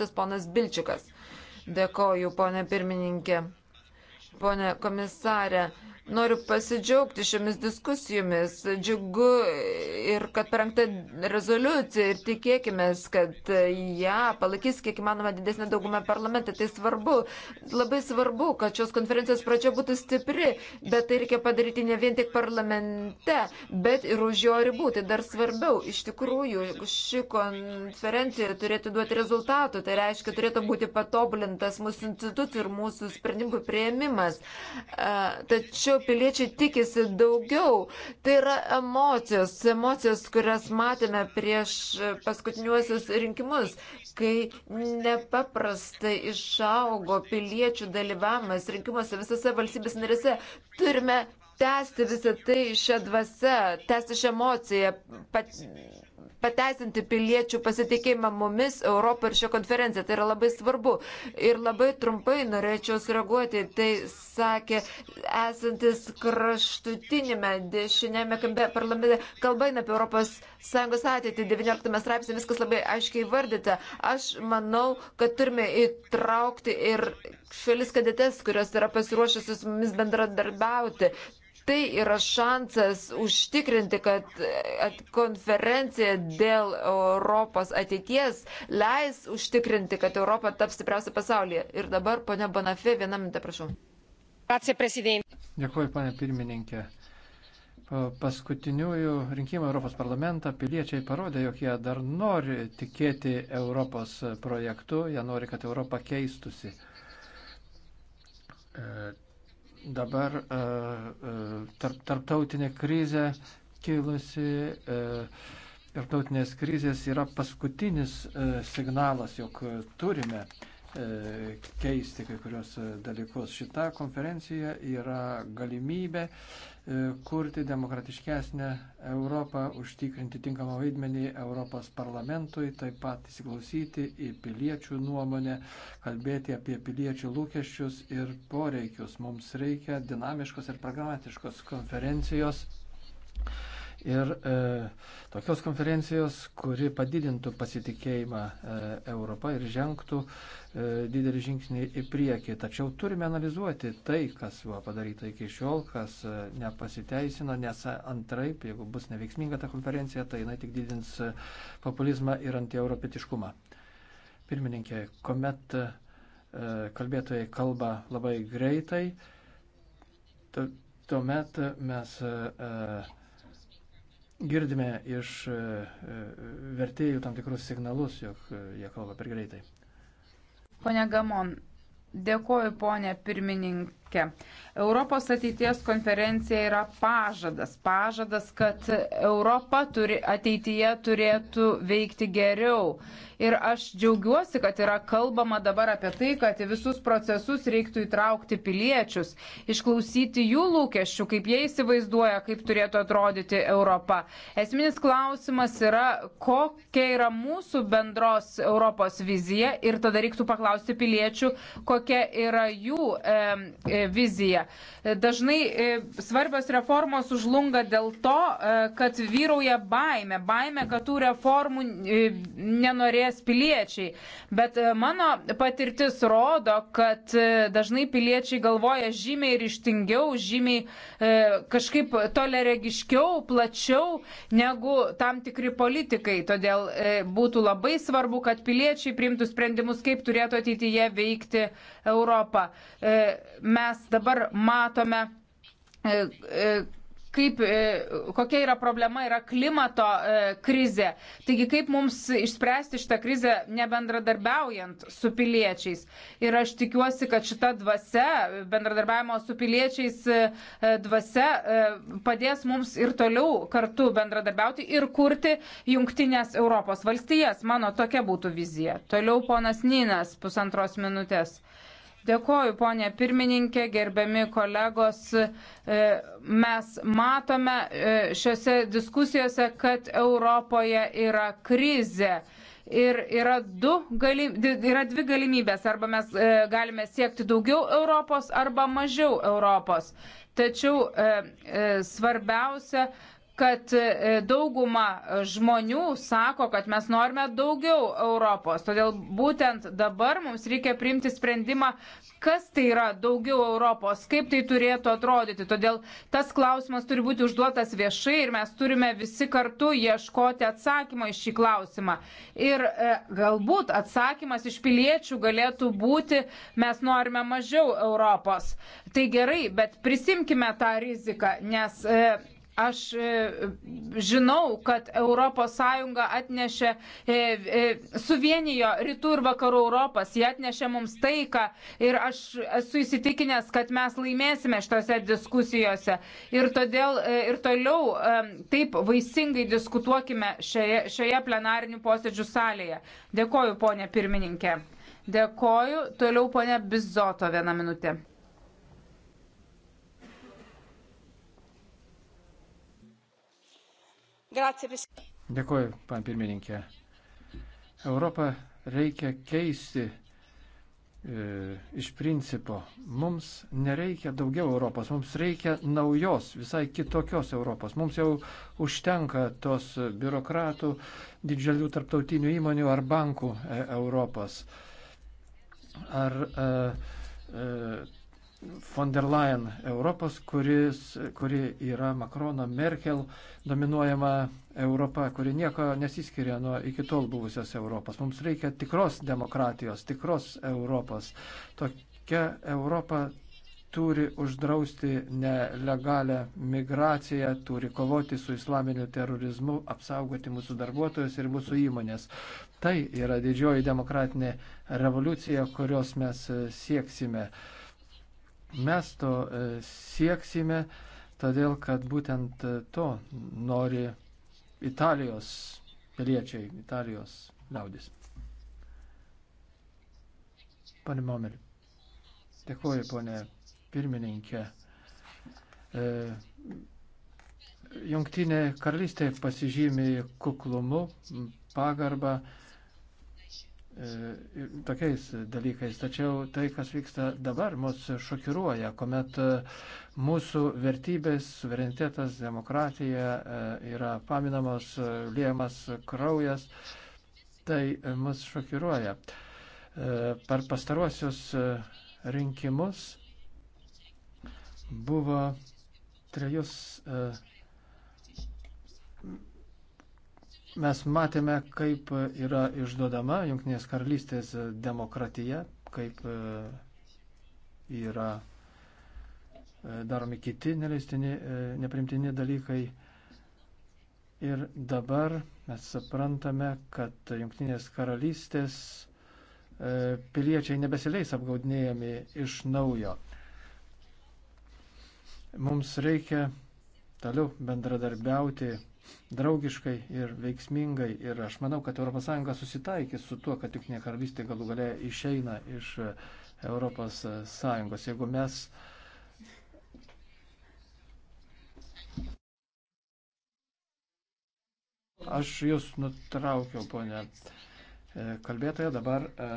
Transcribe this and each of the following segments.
Tas ponas Bilčiukas. Dėkoju, ponė pirmininkė ponė komisarė. Noriu pasidžiaugti šiomis diskusijomis. Džiugu ir kad parengta rezoliucija ir tikėkime, kad ją ja, palaikys kiek įmanoma didesnė dauguma parlamente. Tai svarbu. Labai svarbu, kad šios konferencijos pradžia būtų stipri, bet tai reikia padaryti ne vien tik parlamente, bet ir už jo ribų. Tai dar svarbiau. Iš tikrųjų, ši konferencija turėtų duoti rezultatų. Tai reiškia, turėtų būti patobulintas mūsų institucijų ir mūsų sprendimų prieimimas sprendimas. Tačiau piliečiai tikisi daugiau. Tai yra emocijos, emocijos, kurias matėme prieš paskutiniuosius rinkimus, kai nepaprastai išaugo piliečių dalyvavimas rinkimuose visose valstybės narėse. Turime tęsti visą tai šią dvasę, tęsti šią emociją, pat, pateisinti piliečių pasitikėjimą mumis Europą ir šią konferenciją. Tai yra labai svarbu. Ir labai trumpai norėčiau sureaguoti. Tai sakė, esantis kraštutinėme dešinėme kambe parlamente, kalba eina apie Europos Sąjungos ateitį, 19 straipsnė viskas labai aiškiai vardyta. Aš manau, kad turime įtraukti ir šalis kandidates, kurios yra pasiruošusios mumis bendradarbiauti tai yra šansas užtikrinti, kad konferencija dėl Europos ateities leis užtikrinti, kad Europa taps stipriausia pasaulyje. Ir dabar, ponia Bonafė, vieną minutę prašau. Dėkuoju, ponia pirmininkė. Paskutiniųjų rinkimų Europos parlamentą piliečiai parodė, jog jie dar nori tikėti Europos projektu, jie nori, kad Europa keistusi e, dabar e, e, tarp, tarptautinė krizė kilusi, tarptautinės e, krizės yra paskutinis signalas, jog turime keisti kai kurios dalykus. Šita konferencija yra galimybė E, kurti demokratiškesnę Europą, užtikrinti tinkamą vaidmenį Europos parlamentui, taip pat įsiklausyti į piliečių nuomonę, kalbėti apie piliečių lūkesčius ir poreikius. Mums reikia dinamiškos ir pragmatiškos konferencijos ir e, tokios konferencijos, kuri padidintų pasitikėjimą e, Europą ir žengtų e, didelį žingsnį į priekį. Tačiau turime analizuoti tai, kas buvo padaryta iki šiol, kas e, nepasiteisino, nes antraip, jeigu bus neveiksminga ta konferencija, tai jinai tik didins e, populizmą ir antieuropietiškumą. Pirmininkė, kuomet e, kalbėtojai kalba labai greitai, tuomet mes e, Girdime iš e, e, vertėjų tam tikrus signalus, jog e, jie kalba per greitai. Pone Gamon, dėkoju, ponė pirmininkė tokia. Europos ateities konferencija yra pažadas. Pažadas, kad Europa turi, ateityje turėtų veikti geriau. Ir aš džiaugiuosi, kad yra kalbama dabar apie tai, kad į visus procesus reiktų įtraukti piliečius, išklausyti jų lūkesčių, kaip jie įsivaizduoja, kaip turėtų atrodyti Europa. Esminis klausimas yra, kokia yra mūsų bendros Europos vizija ir tada reiktų paklausti piliečių, kokia yra jų e, e, viziją. Dažnai e, svarbios reformos užlunga dėl to, e, kad vyrauja baime, baime, kad tų reformų e, nenorės piliečiai. Bet mano patirtis rodo, kad dažnai piliečiai galvoja žymiai ryštingiau, žymiai kažkaip toleregiškiau, plačiau negu tam tikri politikai. Todėl būtų labai svarbu, kad piliečiai priimtų sprendimus, kaip turėtų ateityje veikti Europą. Mes mes dabar matome, e, e, kaip, e, kokia yra problema, yra klimato krizė. Taigi kaip mums išspręsti šitą krizę nebendradarbiaujant su piliečiais. Ir aš tikiuosi, kad šita dvasia, bendradarbiavimo su piliečiais dvasia padės mums ir toliau kartu bendradarbiauti ir kurti jungtinės Europos valstijas. Mano tokia būtų vizija. Toliau ponas Ninas, pusantros minutės. Dėkoju, ponė pirmininkė, gerbiami kolegos. E, mes matome e, šiuose diskusijose, kad Europoje yra krizė. Ir yra, du, galim, yra dvi galimybės. Arba mes e, galime siekti daugiau Europos, arba mažiau Europos. Tačiau e, e, svarbiausia, e, kad e, dauguma žmonių sako, kad mes norime daugiau Europos. Todėl būtent dabar mums reikia priimti sprendimą, kas tai yra daugiau Europos, kaip tai turėtų atrodyti. Todėl tas klausimas turi būti užduotas viešai ir mes turime visi kartu ieškoti atsakymą iš šį klausimą. Ir e, galbūt atsakymas iš piliečių galėtų būti, mes norime mažiau Europos. Tai gerai, bet prisimkime tą riziką, nes. E, Aš e, žinau, kad ES atnešė, e, e, suvienijo rytų ir vakarų Europas, jie atnešė mums taiką ir aš esu įsitikinęs, kad mes laimėsime šitose diskusijose. Ir todėl ir toliau taip vaisingai diskutuokime šioje, šioje plenarinių posėdžių salėje. Dėkoju, ponė pirmininkė. Dėkoju. Toliau ponė Bizoto vieną minutę. Dėkuoju, pan pirmininkė. Europą reikia keisti e, iš principo. Mums nereikia daugiau Europos, mums reikia naujos, visai kitokios Europos. Mums jau užtenka tos biurokratų, didžiulių tarptautinių įmonių ar bankų e, Europos. Ar e, e, von der Leyen Europos, kuris, kuri yra Makrono Merkel dominuojama Europa, kuri nieko nesiskiria nuo iki tol buvusios Europos. Mums reikia tikros demokratijos, tikros Europos. Tokia Europa turi uždrausti nelegalią migraciją, turi kovoti su islaminiu terorizmu, apsaugoti mūsų darbuotojus ir mūsų įmonės. Tai yra didžioji demokratinė revoliucija, kurios mes sieksime. Uh, Mes to e, sieksime, todėl kad būtent e, to nori Italijos piliečiai, Italijos liaudis. Pane Momeli, dėkuoju, ponė pirmininkė. E, Jungtinė karalystė pasižymi kuklumu, pagarbą E, tokiais dalykais. Tačiau tai, kas vyksta dabar, mus šokiruoja, kuomet e, mūsų vertybės, suverenitetas, demokratija e, yra paminamos, liemas kraujas, tai mus šokiruoja. Per pastaruosius rinkimus buvo trejus Mes matėme, kaip yra išduodama Junktinės karalystės demokratija, kaip e, yra e, daromi kiti neleistini, e, neprimtini dalykai. Ir dabar mes suprantame, kad Junktinės karalystės piliečiai nebesileis apgaudinėjami iš naujo. Mums reikia toliau bendradarbiauti draugiškai ir veiksmingai. Ir aš manau, kad ES susitaikys su tuo, kad Junktinė karalystė galų gale išeina iš ES. E, Jeigu mes Aš jūs nutraukiau, ponė. E, kalbėtoja dabar e,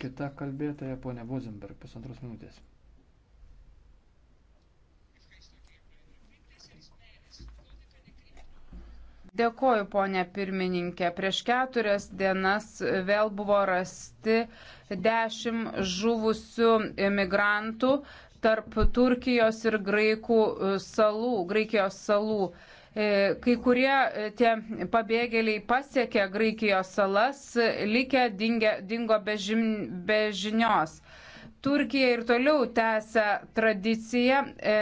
kita kalbėtoja, ponė Vozenberg, pusantros minutės. Dėkoju, ponė pirmininkė. Prieš keturias dienas vėl buvo rasti dešimt žuvusių imigrantų tarp Turkijos ir Graikų salų, Graikijos salų. E, kai kurie e, tie pabėgėliai pasiekė Graikijos salas, likę dingo be, žim, be žinios. Turkija ir toliau tęsia tradiciją e,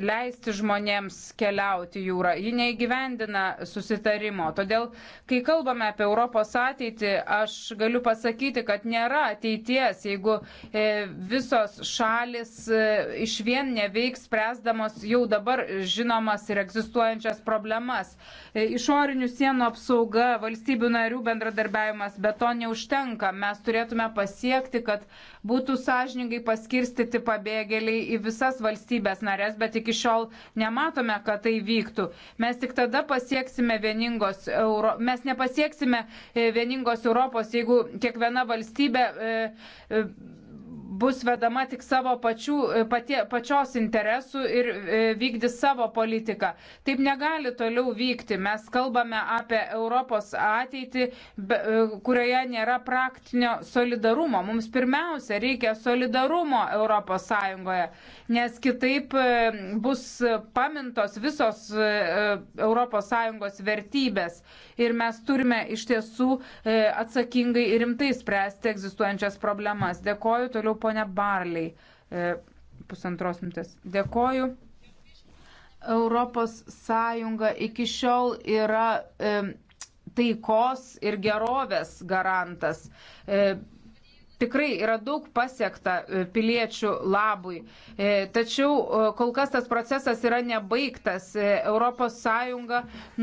leisti žmonėms keliauti jūrą. Ji neįgyvendina susitarimo. Todėl, kai kalbame apie Europos ateitį, aš galiu pasakyti, kad nėra ateities, jeigu e, visos šalis e, iš vien neveiks, spręsdamos jau dabar žinomas ir egzistuojančias problemas. E, išorinių sienų apsauga, valstybių narių bendradarbiavimas, bet to neužtenka. Mes turėtume pasiekti, kad būtų sąžininkai sąžiningai paskirstyti pabėgėliai į visas valstybės narės, bet iki šiol nematome, kad tai vyktų. Mes tik tada pasieksime vieningos, Euro... mes nepasieksime e, vieningos Europos, jeigu kiekviena valstybė. E, e, bus vedama tik savo pačių, e, patie, pačios interesų ir e, vykdys savo politiką. Taip negali toliau vykti. Mes kalbame apie Europos ateitį, be, e, kurioje nėra praktinio solidarumo. Mums pirmiausia reikia solidarumo Europos Sąjungoje, nes kitaip bus pamintos visos Europos Sąjungos vertybės. Ir mes turime iš tiesų atsakingai ir rimtai spręsti egzistuojančias problemas. Dėkoju toliau ponia Barley. E, pusantros minutės. Dėkoju. Europos Sąjunga iki šiol yra e, taikos ir gerovės garantas. E, tikrai yra daug pasiekta e, piliečių labui. E, tačiau e, kol kas tas procesas yra nebaigtas. ES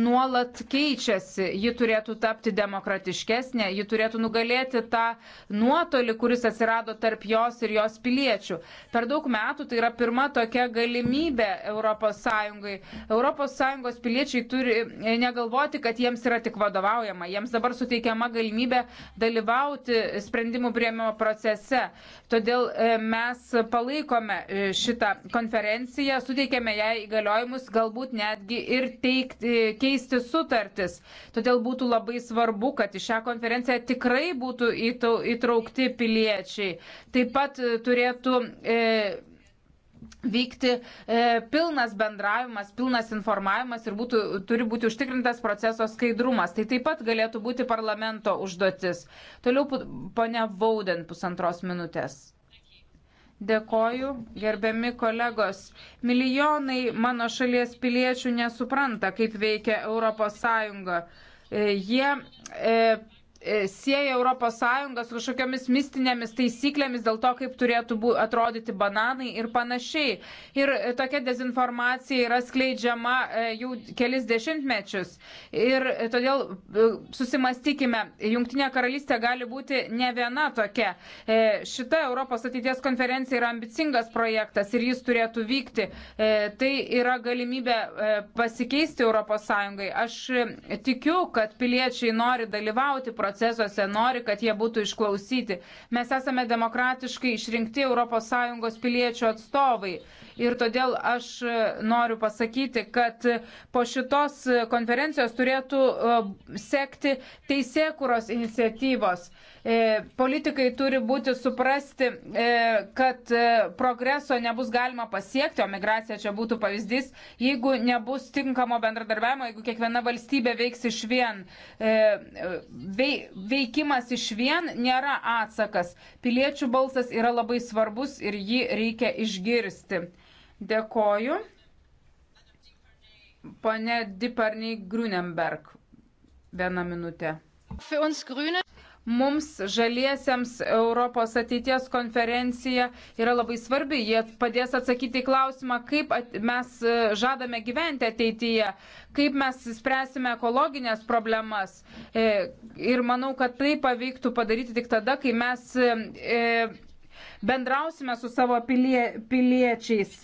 nuolat keičiasi. Ji turėtų tapti demokratiškesnė, ji turėtų nugalėti tą nuotolį, kuris atsirado tarp jos ir jos piliečių. Per daug metų tai yra pirma tokia galimybė ES. ES piliečiai turi negalvoti, kad jiems yra tik vadovaujama. Jiems dabar suteikiama galimybė dalyvauti sprendimų prieimimo gyvenimo procese. Todėl e, mes palaikome e, šitą konferenciją, suteikėme jai įgaliojimus, galbūt netgi ir teikti, e, keisti sutartis. Todėl būtų labai svarbu, kad į šią konferenciją tikrai būtų įtraukti piliečiai. Taip pat turėtų. E, vykti e, pilnas bendravimas, pilnas informavimas ir būtų, turi būti užtikrintas proceso skaidrumas. Tai taip pat galėtų būti parlamento užduotis. Toliau ponia Vauden pusantros minutės. Dėkoju, gerbiami kolegos. Milijonai mano šalies piliečių nesupranta, kaip veikia ES. E, jie e, E, sieja ES su kažkokiamis mistinėmis taisyklėmis dėl to, kaip turėtų bū, atrodyti bananai ir panašiai. Ir e, tokia dezinformacija yra skleidžiama e, jau kelis dešimtmečius. Ir todėl susimastykime, Junktinė karalystė gali būti ne viena tokia. Šita Europos ateities konferencija yra ambicingas projektas ir jis turėtų vykti. Tai yra galimybė pasikeisti ES. Aš tikiu, kad piliečiai nori dalyvauti procese procesuose, nori, kad jie būtų išklausyti. Mes esame demokratiškai išrinkti ES piliečių atstovai Ir todėl aš e, noriu pasakyti, kad po šitos konferencijos turėtų e, sekti teisėkuros iniciatyvos. E, politikai turi būti suprasti, kad progreso nebus galima pasiekti, o migracija čia būtų pavyzdys, jeigu nebus tinkamo bendradarbiavimo, jeigu kiekviena valstybė veiks iš vien. Veikimas iš vien nėra atsakas. Piliečių balsas yra labai svarbus ir jį reikia išgirsti. Dėkoju. Pane Diparniai Grunenberg, vieną minutę. Mums žaliesiems Europos ateities konferencija yra labai svarbi. Jie padės atsakyti į klausimą, kaip mes e, žadame gyventi ateityje, kaip mes spręsime ekologinės problemas. E, ir manau, kad tai pavyktų padaryti tik tada, kai mes e, bendrausime su savo pilie, piliečiais.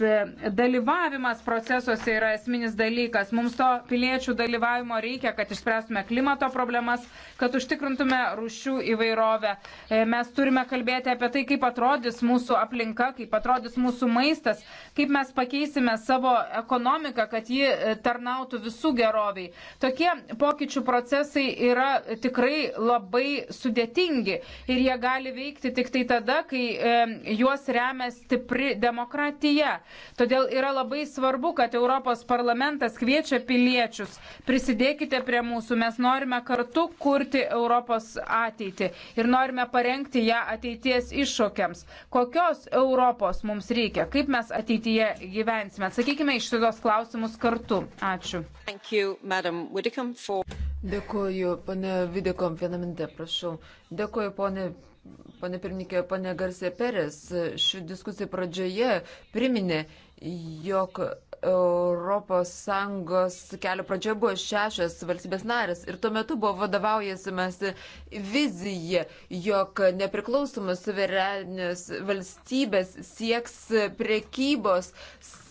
Dalyvavimas procesuose yra esminis dalykas. Mums to piliečių dalyvavimo reikia, kad išspręstume klimato problemas, kad užtikrintume rūšių įvairovę. E, mes turime kalbėti apie tai, kaip atrodys mūsų aplinka, kaip atrodys mūsų maistas, kaip mes pakeisime savo ekonomiką, kad ji e, tarnautų visų geroviai. Tokie pokyčių procesai yra tikrai labai sudėtingi ir jie gali veikti tik tai tada, kai e, juos remia stipri demokratija. Todėl yra labai svarbu, kad Europos parlamentas kviečia piliečius. Prisidėkite prie mūsų, mes norime kartu kurti Europos ateitį ir norime parengti ją ateities iššūkiams. Kokios Europos mums reikia, kaip mes ateityje gyvensime? Atsakykime iš šitos klausimus kartu. Ačiū. Thank you, Madam Widdicombe, for... Dėkuoju, ponė Videkom, vieną minutę, prašau. Dėkuoju, ponė Pane pirmininkė, pane Garsė Perės, ši diskusija pradžioje priminė, jog ES kelio pradžioje buvo šešios valstybės narės ir tuo metu buvo vadovaujasimasi vizija, jog nepriklausomas suverenios valstybės sieks prekybos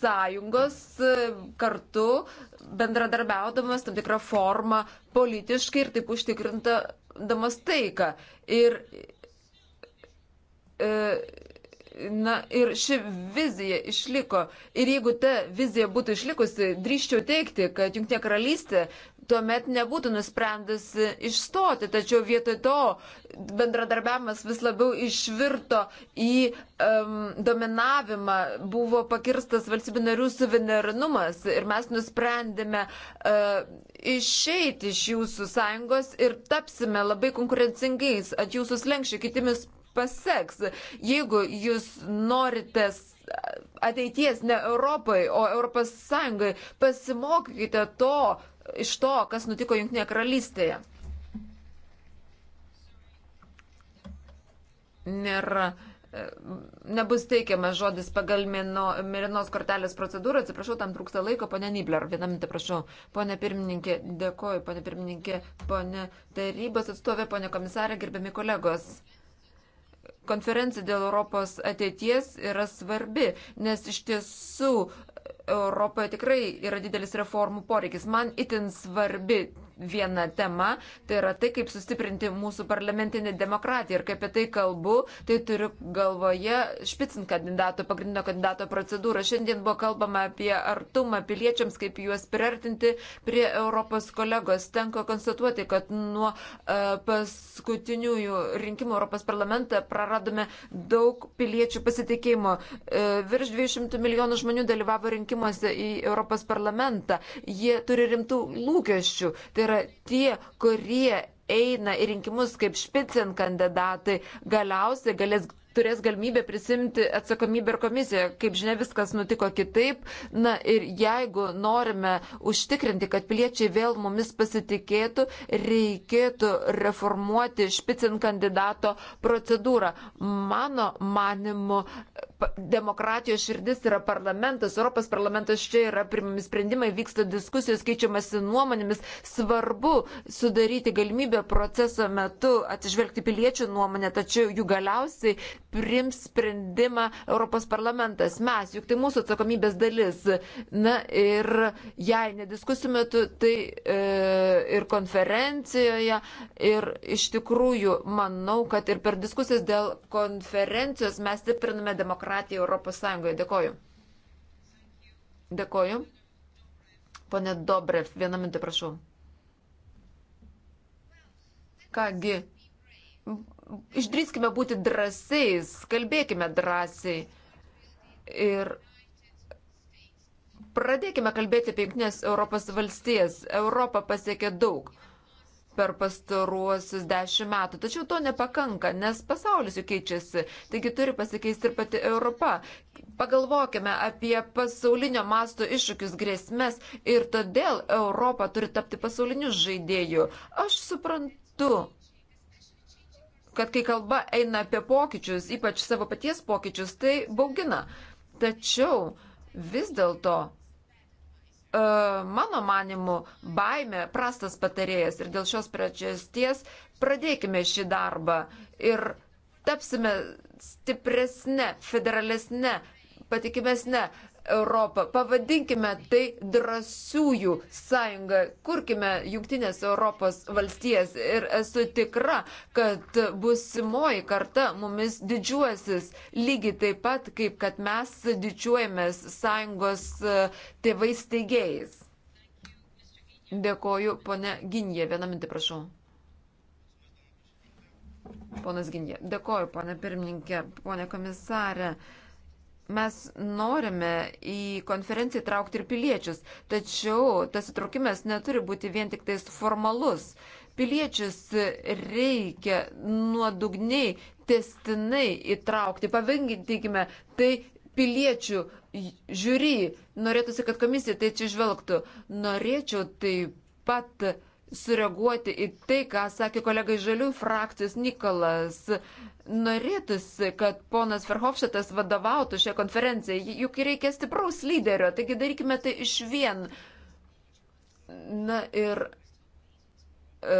sąjungos kartu bendradarbiaudamas tam tikrą formą politiškai ir taip užtikrinta damas taiką. Ir E, na ir ši vizija išliko. Ir jeigu ta vizija būtų išlikusi, drįščiau teikti, kad Junktinė karalystė tuomet nebūtų nusprendusi išstoti. Tačiau vietoj to bendradarbiavimas vis labiau išvirto į um, dominavimą, buvo pakirstas valstybių narių suverenumas ir mes nusprendėme uh, išeiti iš jūsų sąjungos ir tapsime labai konkurencingais. At jūsų slengščiai kitimis paseks. Jeigu jūs norite ateities ne Europai, o Europos Sąjungai, pasimokykite to, iš to, kas nutiko Junktinėje karalystėje. Nėra. E, nebus teikiamas žodis pagal mėlynos kortelės procedūrą. Atsiprašau, tam trūksta laiko. Pone Nibler, vieną minutę prašau. Pone pirmininkė, dėkoju, pone pirmininkė, pone tarybos atstovė, pone komisarė, gerbiami kolegos. Konferencija dėl Europos ateities yra svarbi, nes iš tiesų Europoje tikrai yra didelis reformų poreikis. Man itin svarbi viena tema, tai yra tai, kaip sustiprinti mūsų parlamentinę demokratiją. Ir kai apie tai kalbu, tai turiu galvoje špicin kandidato, pagrindinio kandidato procedūrą. Šiandien buvo kalbama apie artumą piliečiams, kaip juos priartinti prie Europos kolegos. Tenko konstatuoti, kad nuo e, paskutinių rinkimų Europos parlamentą praradome daug piliečių pasitikėjimo. E, virš 200 milijonų žmonių dalyvavo rinkimuose į Europos parlamentą. Jie turi rimtų lūkesčių. Tai yra tie, kurie eina į rinkimus kaip špicin kandidatai, galiausiai galės turės galimybę prisimti atsakomybę ir komisiją. Kaip žinia, viskas nutiko kitaip. Na ir jeigu norime užtikrinti, kad piliečiai vėl mumis pasitikėtų, reikėtų reformuoti špicin kandidato procedūrą. Mano manimu, demokratijos širdis yra parlamentas, Europos parlamentas čia yra primami sprendimai, vyksta diskusijos, keičiamasi nuomonėmis. Svarbu sudaryti galimybę proceso metu atsižvelgti piliečių nuomonę, tačiau jų galiausiai prims sprendimą Europos parlamentas. Mes, juk tai mūsų atsakomybės dalis. Na ir jei ne diskusijų metu, tai e, ir konferencijoje. Ir iš tikrųjų manau, kad ir per diskusijas dėl konferencijos mes stipriname demokratiją Europos Sąjungoje. Dėkoju. Dėkoju. Pone Dobrev, vieną minutę prašau. Kągi, išdrįskime būti drąsiais, kalbėkime drąsiai ir pradėkime kalbėti apie Junktinės Europos valstijas. Europa pasiekė daug per pastaruosius dešimt metų. Tačiau to nepakanka, nes pasaulis juk keičiasi. Taigi turi pasikeisti ir pati Europa. Pagalvokime apie pasaulinio masto iššūkius, grėsmės ir todėl Europa turi tapti pasauliniu žaidėju. Aš suprantu kad kai kalba eina apie pokyčius, ypač savo paties pokyčius, tai baugina. Tačiau vis dėlto, e, mano manimu, baime prastas patarėjas ir dėl šios priežasties pradėkime šį darbą ir tapsime stipresnė, federalesnė, patikimesnė Europą. Pavadinkime tai drąsiųjų sąjungą. Kurkime Junktinės Europos valstijas. Ir esu tikra, kad busimoji karta mumis didžiuosis. Lygiai taip pat, kaip kad mes didžiuojamės sąjungos e, tėvais teigėjais. Dėkoju, ponė Ginje. Vieną mintį prašau. Ponas Ginė. Dėkoju, ponė pirmininkė, ponė komisarė. Uh, mes norime į konferenciją traukti ir piliečius, tačiau tas įtraukimas neturi būti vien tik tais formalus. Piliečius reikia nuodugniai, testinai įtraukti. Pavenginkime tai piliečių žiūri. Norėtųsi, kad komisija tai čia žvelgtų. Norėčiau taip pat sureaguoti į tai, ką sakė kolega iš Žalių frakcijos Nikolas. Norėtųsi, kad ponas Verhofštetas vadovautų šią konferenciją, juk reikia stipraus lyderio, taigi darykime tai iš vien. Na ir e,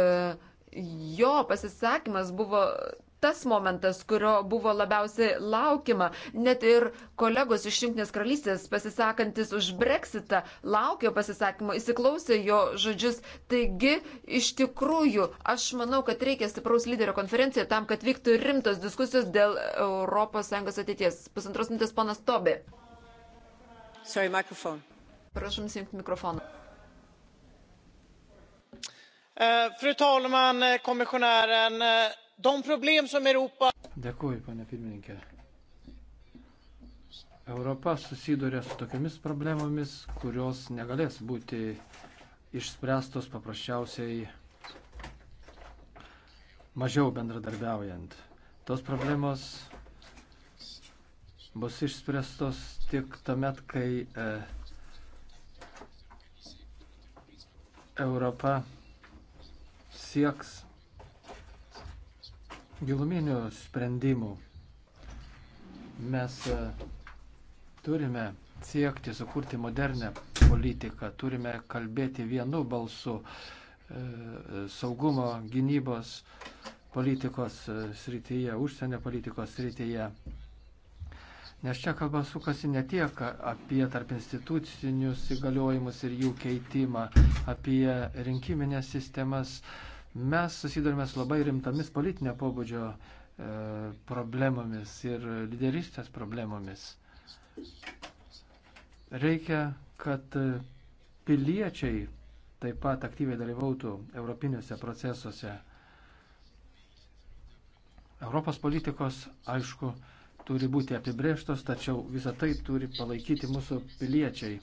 jo pasisakymas buvo tas momentas, kurio buvo labiausiai laukima. Net ir kolegos iš Junktinės karalystės pasisakantis už breksitą laukė pasisakymo, įsiklausė jo žodžius. Taigi, iš tikrųjų, aš manau, kad reikia stipraus lyderio konferenciją tam, kad vyktų rimtos diskusijos dėl ES ateities. Pusantros minutės ponas Tobė. Sorry, microphone. Prašom įsijungti mikrofoną. Uh, fru talman, eh, kommissionären, uh, Dėkuoju, pane pirmininkė. Europa susiduria su tokiamis problemomis, kurios negalės būti išspręstos paprasčiausiai mažiau bendradarbiaujant. Tos problemos bus išspręstos tik tuomet, kai e, Europa sieks giluminių sprendimų. Mes e, turime siekti sukurti modernę politiką, turime kalbėti vienu balsu e, saugumo, gynybos politikos e, srityje, užsienio politikos srityje. Nes čia kalba sukasi ne tiek apie tarp institucinius įgaliojimus ir jų keitimą, apie rinkiminės sistemas, uh, mes susidurime su labai rimtomis politinio pobūdžio e, problemomis ir lyderystės problemomis. Reikia, kad piliečiai taip pat aktyviai dalyvautų europiniuose procesuose. Europos politikos, aišku, turi būti apibrėžtos, tačiau visą tai turi palaikyti mūsų piliečiai.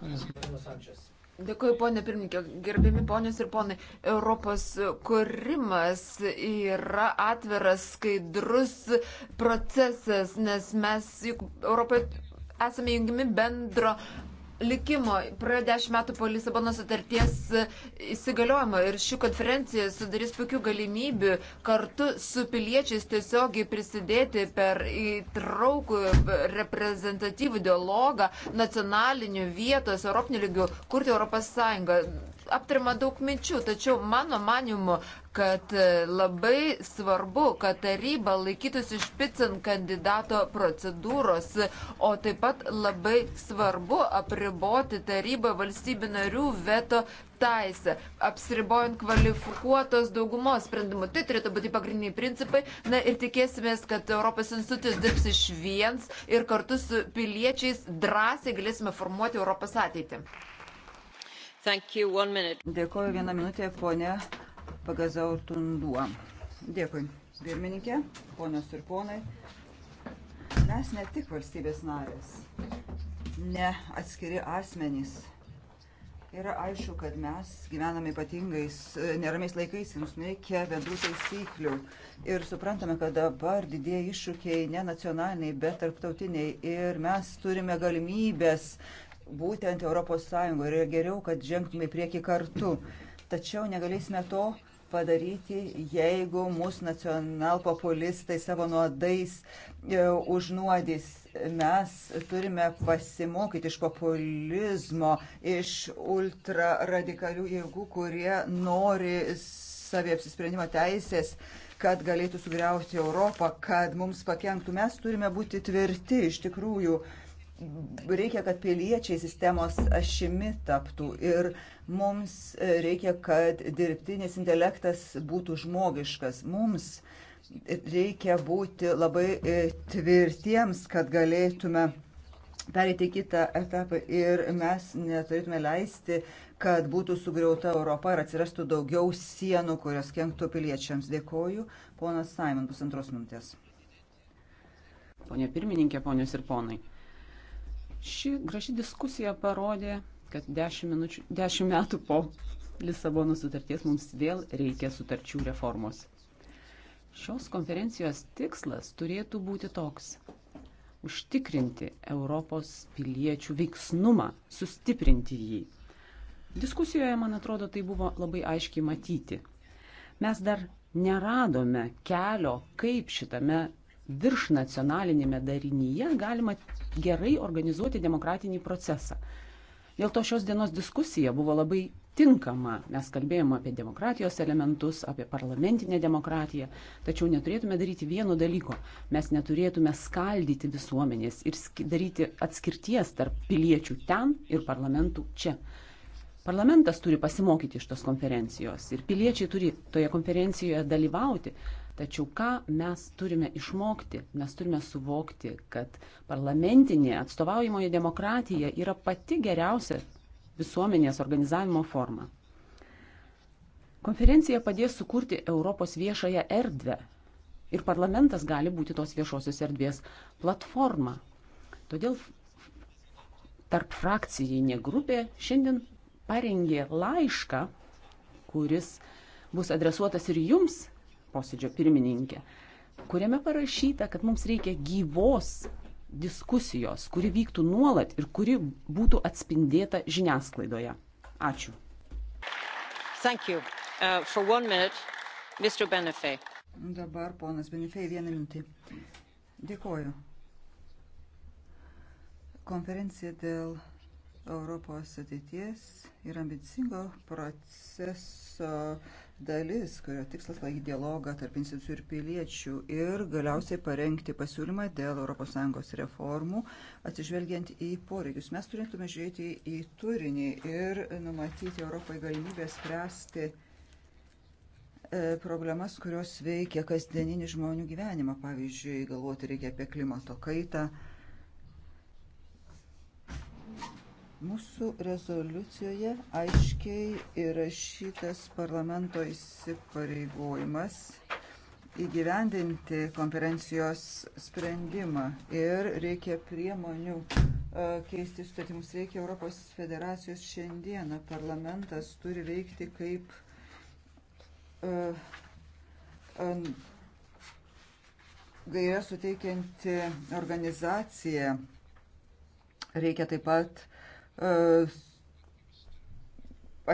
Panas Marino Sančias. Dėkuoju, ponė pirmininkė. Gerbiami ponios ir ponai, Europos kūrimas yra atviras, skaidrus procesas, nes mes juk Europoje esame jungiami bendro likimo. Praėjo dešimt metų po Lisabono sutarties e, įsigaliojimo ir ši konferencija sudarys puikių galimybių kartu su piliečiais tiesiogiai prisidėti per įtraukų reprezentatyvų dialogą nacionaliniu, vietos, europiniu lygiu, kurti Europos Sąjungą aptarima daug minčių, tačiau mano manimu, kad e, labai svarbu, kad taryba laikytųsi špicin kandidato procedūros, o taip pat labai svarbu apriboti tarybą valstybių narių veto teisę, apsiribojant kvalifikuotos daugumos sprendimų. Tai turėtų būti pagrindiniai principai. Na ir tikėsimės, kad Europos institucijos dirbs iš viens ir kartu su piliečiais drąsiai galėsime formuoti Europos ateitį. Dėkoju vieną minutę, ponė Pagazau Tunduo. Dėkui, pirmininkė, ponios ir ponai. Mes ne tik valstybės narės, ne atskiri asmenys. Yra aišku, kad mes gyvename ypatingais neramiais laikais ir mums reikia bendrų taisyklių. Ir suprantame, kad dabar didieji iššūkiai ne nacionaliniai, bet tarptautiniai. Ir mes turime galimybės būtent ES ir geriau, kad žengtume į priekį kartu. Tačiau negalėsime to padaryti, jeigu mūsų nacionalpopulistai savo nuodais e, užnuodys. Mes turime pasimokyti iš populizmo, iš ultraradikalių jėgų, kurie nori savi apsisprendimo teisės kad galėtų sugriauti Europą, kad mums pakenktų. Mes turime būti tvirti iš tikrųjų reikia, kad piliečiai sistemos ašimi taptų ir mums reikia, kad dirbtinis intelektas būtų žmogiškas. Mums reikia būti labai e, tvirtiems, kad galėtume pereiti kitą etapą ir mes neturėtume leisti, kad būtų sugriauta Europa ir atsirastų daugiau sienų, kurios kenktų piliečiams. Dėkoju. Ponas Simon, pusantros minutės. Pone pirmininkė, ponios ir ponai. Ši graži diskusija parodė, kad dešimt, minučių, dešimt metų po Lisabono sutarties mums vėl reikia sutarčių reformos. Šios konferencijos tikslas turėtų būti toks - užtikrinti Europos piliečių veiksnumą, sustiprinti jį. Diskusijoje, man atrodo, tai buvo labai aiškiai matyti. Mes dar neradome kelio, kaip šitame viršnacionalinėme darinyje galima gerai organizuoti demokratinį procesą. Dėl to šios dienos diskusija buvo labai tinkama. Mes kalbėjome apie demokratijos elementus, apie parlamentinę demokratiją, tačiau neturėtume daryti vieno dalyko. Mes neturėtume skaldyti visuomenės ir daryti atskirties tarp piliečių ten ir parlamentų čia. Parlamentas turi pasimokyti iš tos konferencijos ir piliečiai turi toje konferencijoje dalyvauti, Tačiau ką mes turime išmokti? Mes turime suvokti, kad parlamentinė atstovaujamoji demokratija yra pati geriausia visuomenės organizavimo forma. Konferencija padės sukurti Europos viešąją erdvę ir parlamentas gali būti tos viešosios erdvės platforma. Todėl tarp frakcijinė grupė šiandien parengė laišką, kuris bus adresuotas ir jums, posėdžio pirmininkė, kuriame parašyta, kad mums reikia gyvos diskusijos, kuri vyktų nuolat ir kuri būtų atspindėta žiniasklaidoje. Ačiū. Thank you. Uh, for one minute, Mr. Benefei. Dabar ponas Benefei vieną mintį. Dėkoju. Konferencija dėl Europos ateities ir ambicingo proceso dalis, kurio tikslas laikyti dialogą tarp institucijų ir piliečių ir galiausiai parengti pasiūlymą dėl ES reformų, atsižvelgiant į poreikius. Mes turėtume žiūrėti į turinį ir numatyti Europai galimybę spręsti e, problemas, kurios veikia kasdieninį žmonių gyvenimą. Pavyzdžiui, galvoti reikia apie klimato kaitą Mūsų rezoliucijoje aiškiai įrašytas parlamento įsipareigojimas įgyvendinti konferencijos sprendimą ir reikia priemonių e, keisti sutatimus. Reikia Europos federacijos šiandieną. Parlamentas turi veikti kaip e, gairę suteikianti organizacija. Reikia taip pat E,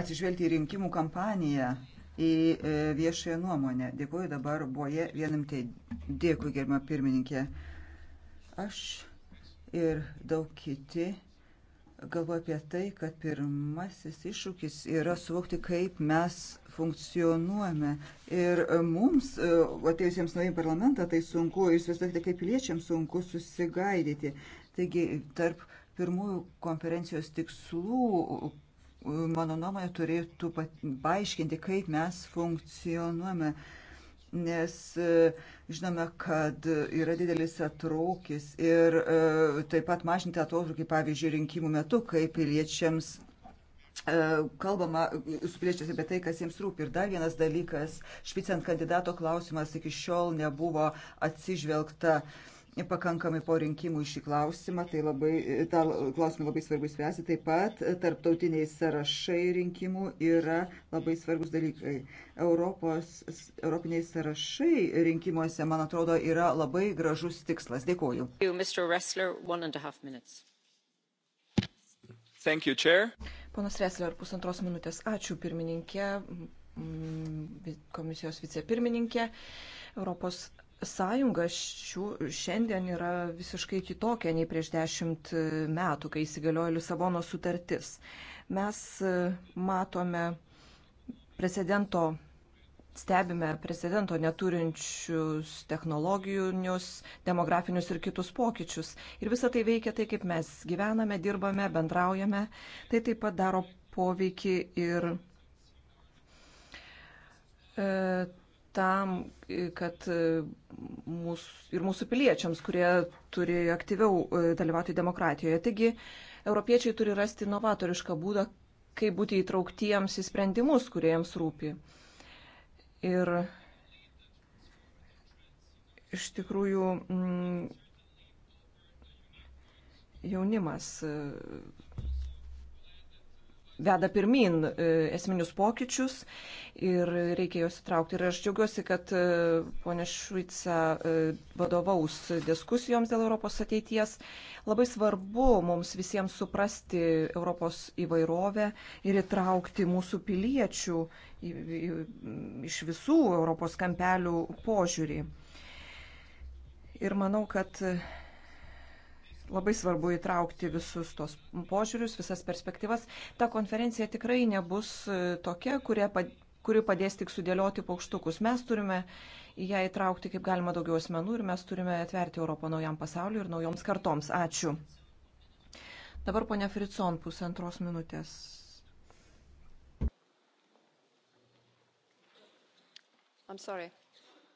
atsižvelgti į rinkimų kampaniją, į e, viešąją nuomonę. Dėkuoju dabar Boje vienamtai. Dėkui, germa pirmininkė. Aš ir daug kiti galvoju apie tai, kad pirmasis iššūkis yra suvokti, kaip mes funkcionuojame. Ir mums, e, atėjusiems naujai parlamentą, tai sunku, jūs vis sakėte, kaip piliečiams sunku susigaidyti. Taigi, tarp pirmųjų konferencijos tikslų, mano nuomonė, turėtų paaiškinti, kaip mes funkcionuojame. Nes e, žinome, kad yra didelis atraukis ir e, taip pat mažinti atotrukį, pavyzdžiui, rinkimų metu, kai piliečiams e, kalbama su piliečiais apie tai, kas jiems rūpi. Ir dar vienas dalykas, špicent kandidato klausimas iki šiol nebuvo atsižvelgta. Uh, pakankamai po rinkimų šį klausimą, tai labai, tą klausimą labai svarbu spręsti. Taip pat tarptautiniai sąrašai rinkimų yra labai svarbus dalykai. Europos, europiniai sąrašai rinkimuose, man atrodo, yra labai gražus tikslas. Dėkuoju. Thank you, Chair. Ponas Resler, pusantros minutės. Ačiū pirmininkė, komisijos vicepirmininkė. Europos sąjunga šių, šiandien yra visiškai kitokia nei prieš dešimt metų, kai įsigaliojo Lisabono sutartis. Mes e, matome precedento, stebime precedento neturinčius technologinius, demografinius ir kitus pokyčius. Ir visa tai veikia tai, kaip mes gyvename, dirbame, bendraujame. Tai taip pat daro poveikį ir. E, tam, e, kad e, mūsų ir mūsų piliečiams, kurie turi aktyviau e, dalyvauti demokratijoje. Taigi, europiečiai turi rasti novatorišką būdą, kaip būti įtrauktiems į sprendimus, kurie jiems rūpi. Ir iš tikrųjų mm, jaunimas veda pirmin e, esminius pokyčius ir reikia juos įtraukti. Ir aš džiaugiuosi, kad e, ponė Šuica e, vadovaus diskusijoms dėl Europos ateities. Labai svarbu mums visiems suprasti Europos įvairovę ir įtraukti mūsų piliečių iš visų Europos kampelių požiūrį. Ir manau, kad labai svarbu įtraukti visus tos požiūrius, visas perspektyvas. Ta konferencija tikrai nebus e, tokia, kuri padės tik sudėlioti paukštukus. Mes turime į ją įtraukti kaip galima daugiau asmenų ir mes turime atverti Europą naujam pasauliu ir naujoms kartoms. Ačiū. Dabar ponia Fritson, pusantros minutės.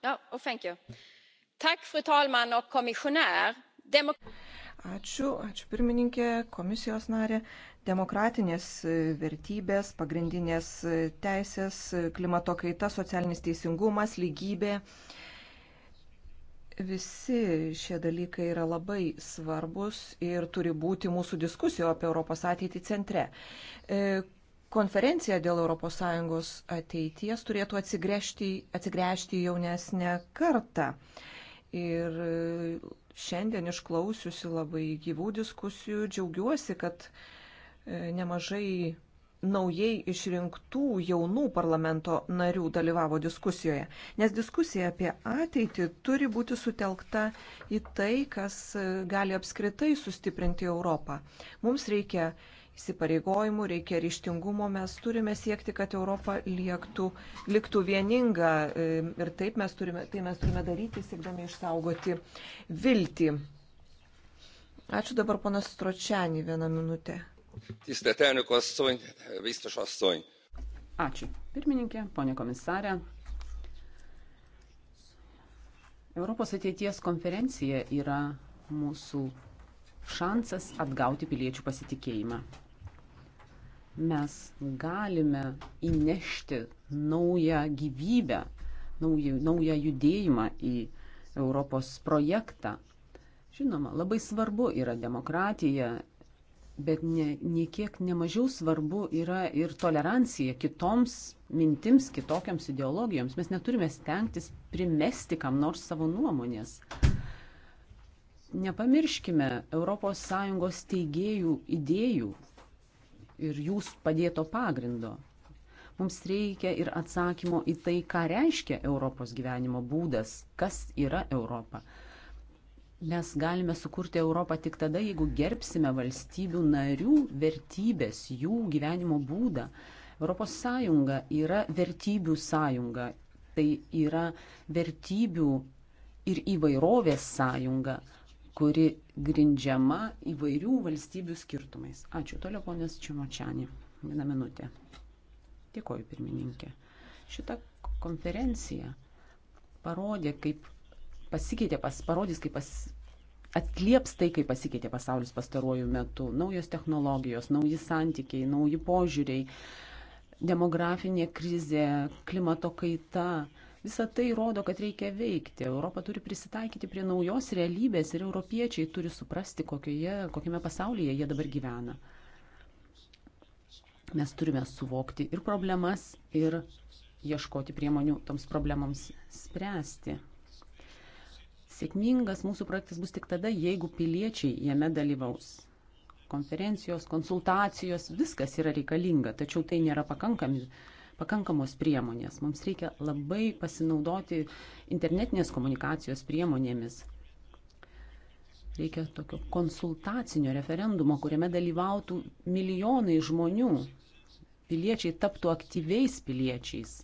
No, oh, Tack, fru talman och kommissionär. Demok Ačiū, ačiū pirmininkė, komisijos narė. Demokratinės vertybės, pagrindinės teisės, klimato kaita, socialinis teisingumas, lygybė. Visi šie dalykai yra labai svarbus ir turi būti mūsų diskusijų apie Europos ateitį centre. E, konferencija dėl ES ateities turėtų atsigręžti, atsigręžti jaunesnę kartą. Ir Šiandien išklausiusi labai gyvų diskusijų, džiaugiuosi, kad e, nemažai naujai išrinktų jaunų parlamento narių dalyvavo diskusijoje, nes diskusija apie ateitį turi būti sutelkta į tai, kas e, gali apskritai sustiprinti Europą. Mums reikia įsipareigojimų, reikia ryštingumo, mes turime siekti, kad Europa liektų, liktų vieninga e, ir taip mes turime, tai mes turime daryti, siekdami išsaugoti viltį. Ačiū dabar panas Stročianį vieną minutę. Tisztelt elnök asszony, biztos asszony. Ačiū. Pirmininkė, ponė komisarė. Europos ateities konferencija yra mūsų šansas atgauti piliečių pasitikėjimą. Mes galime įnešti naują gyvybę, naują, naują judėjimą į Europos projektą. Žinoma, labai svarbu yra demokratija, bet ne, nie kiek nemažiau svarbu yra ir tolerancija kitoms mintims, kitokiams ideologijoms. Mes neturime stengtis primesti kam nors savo nuomonės nepamirškime ES teigėjų idėjų ir jūs padėto pagrindo. Mums reikia ir atsakymo į tai, ką reiškia Europos gyvenimo būdas, kas yra Europa. Mes galime sukurti Europą tik tada, jeigu gerbsime valstybių narių vertybės, jų gyvenimo būdą. ES yra vertybių sąjunga, tai yra vertybių ir įvairovės sąjunga kuri grindžiama įvairių valstybių skirtumais. Ačiū. Toliau ponės Čimočianė. Vieną minutę. Dėkoju, pirmininkė. Šita konferencija parodė, kaip pasikeitė, pas, parodys, kaip pas, atlieps tai, kaip pasikeitė pasaulis pastaruoju metu. Naujos technologijos, nauji santykiai, nauji požiūriai, demografinė krizė, klimato kaita, uh, Visą tai rodo, kad reikia veikti. Europa turi prisitaikyti prie naujos realybės ir europiečiai turi suprasti, kokioje, kokiame pasaulyje jie dabar gyvena. Mes turime suvokti ir problemas, ir ieškoti priemonių toms problemams spręsti. Sėkmingas mūsų projektas bus tik tada, jeigu piliečiai jame dalyvaus. Konferencijos, konsultacijos, viskas yra reikalinga, tačiau tai nėra pakankami pakankamos priemonės. Mums reikia labai pasinaudoti internetinės komunikacijos priemonėmis. Reikia tokio konsultacinio referendumo, kuriame dalyvautų milijonai žmonių. Piliečiai taptų aktyviais piliečiais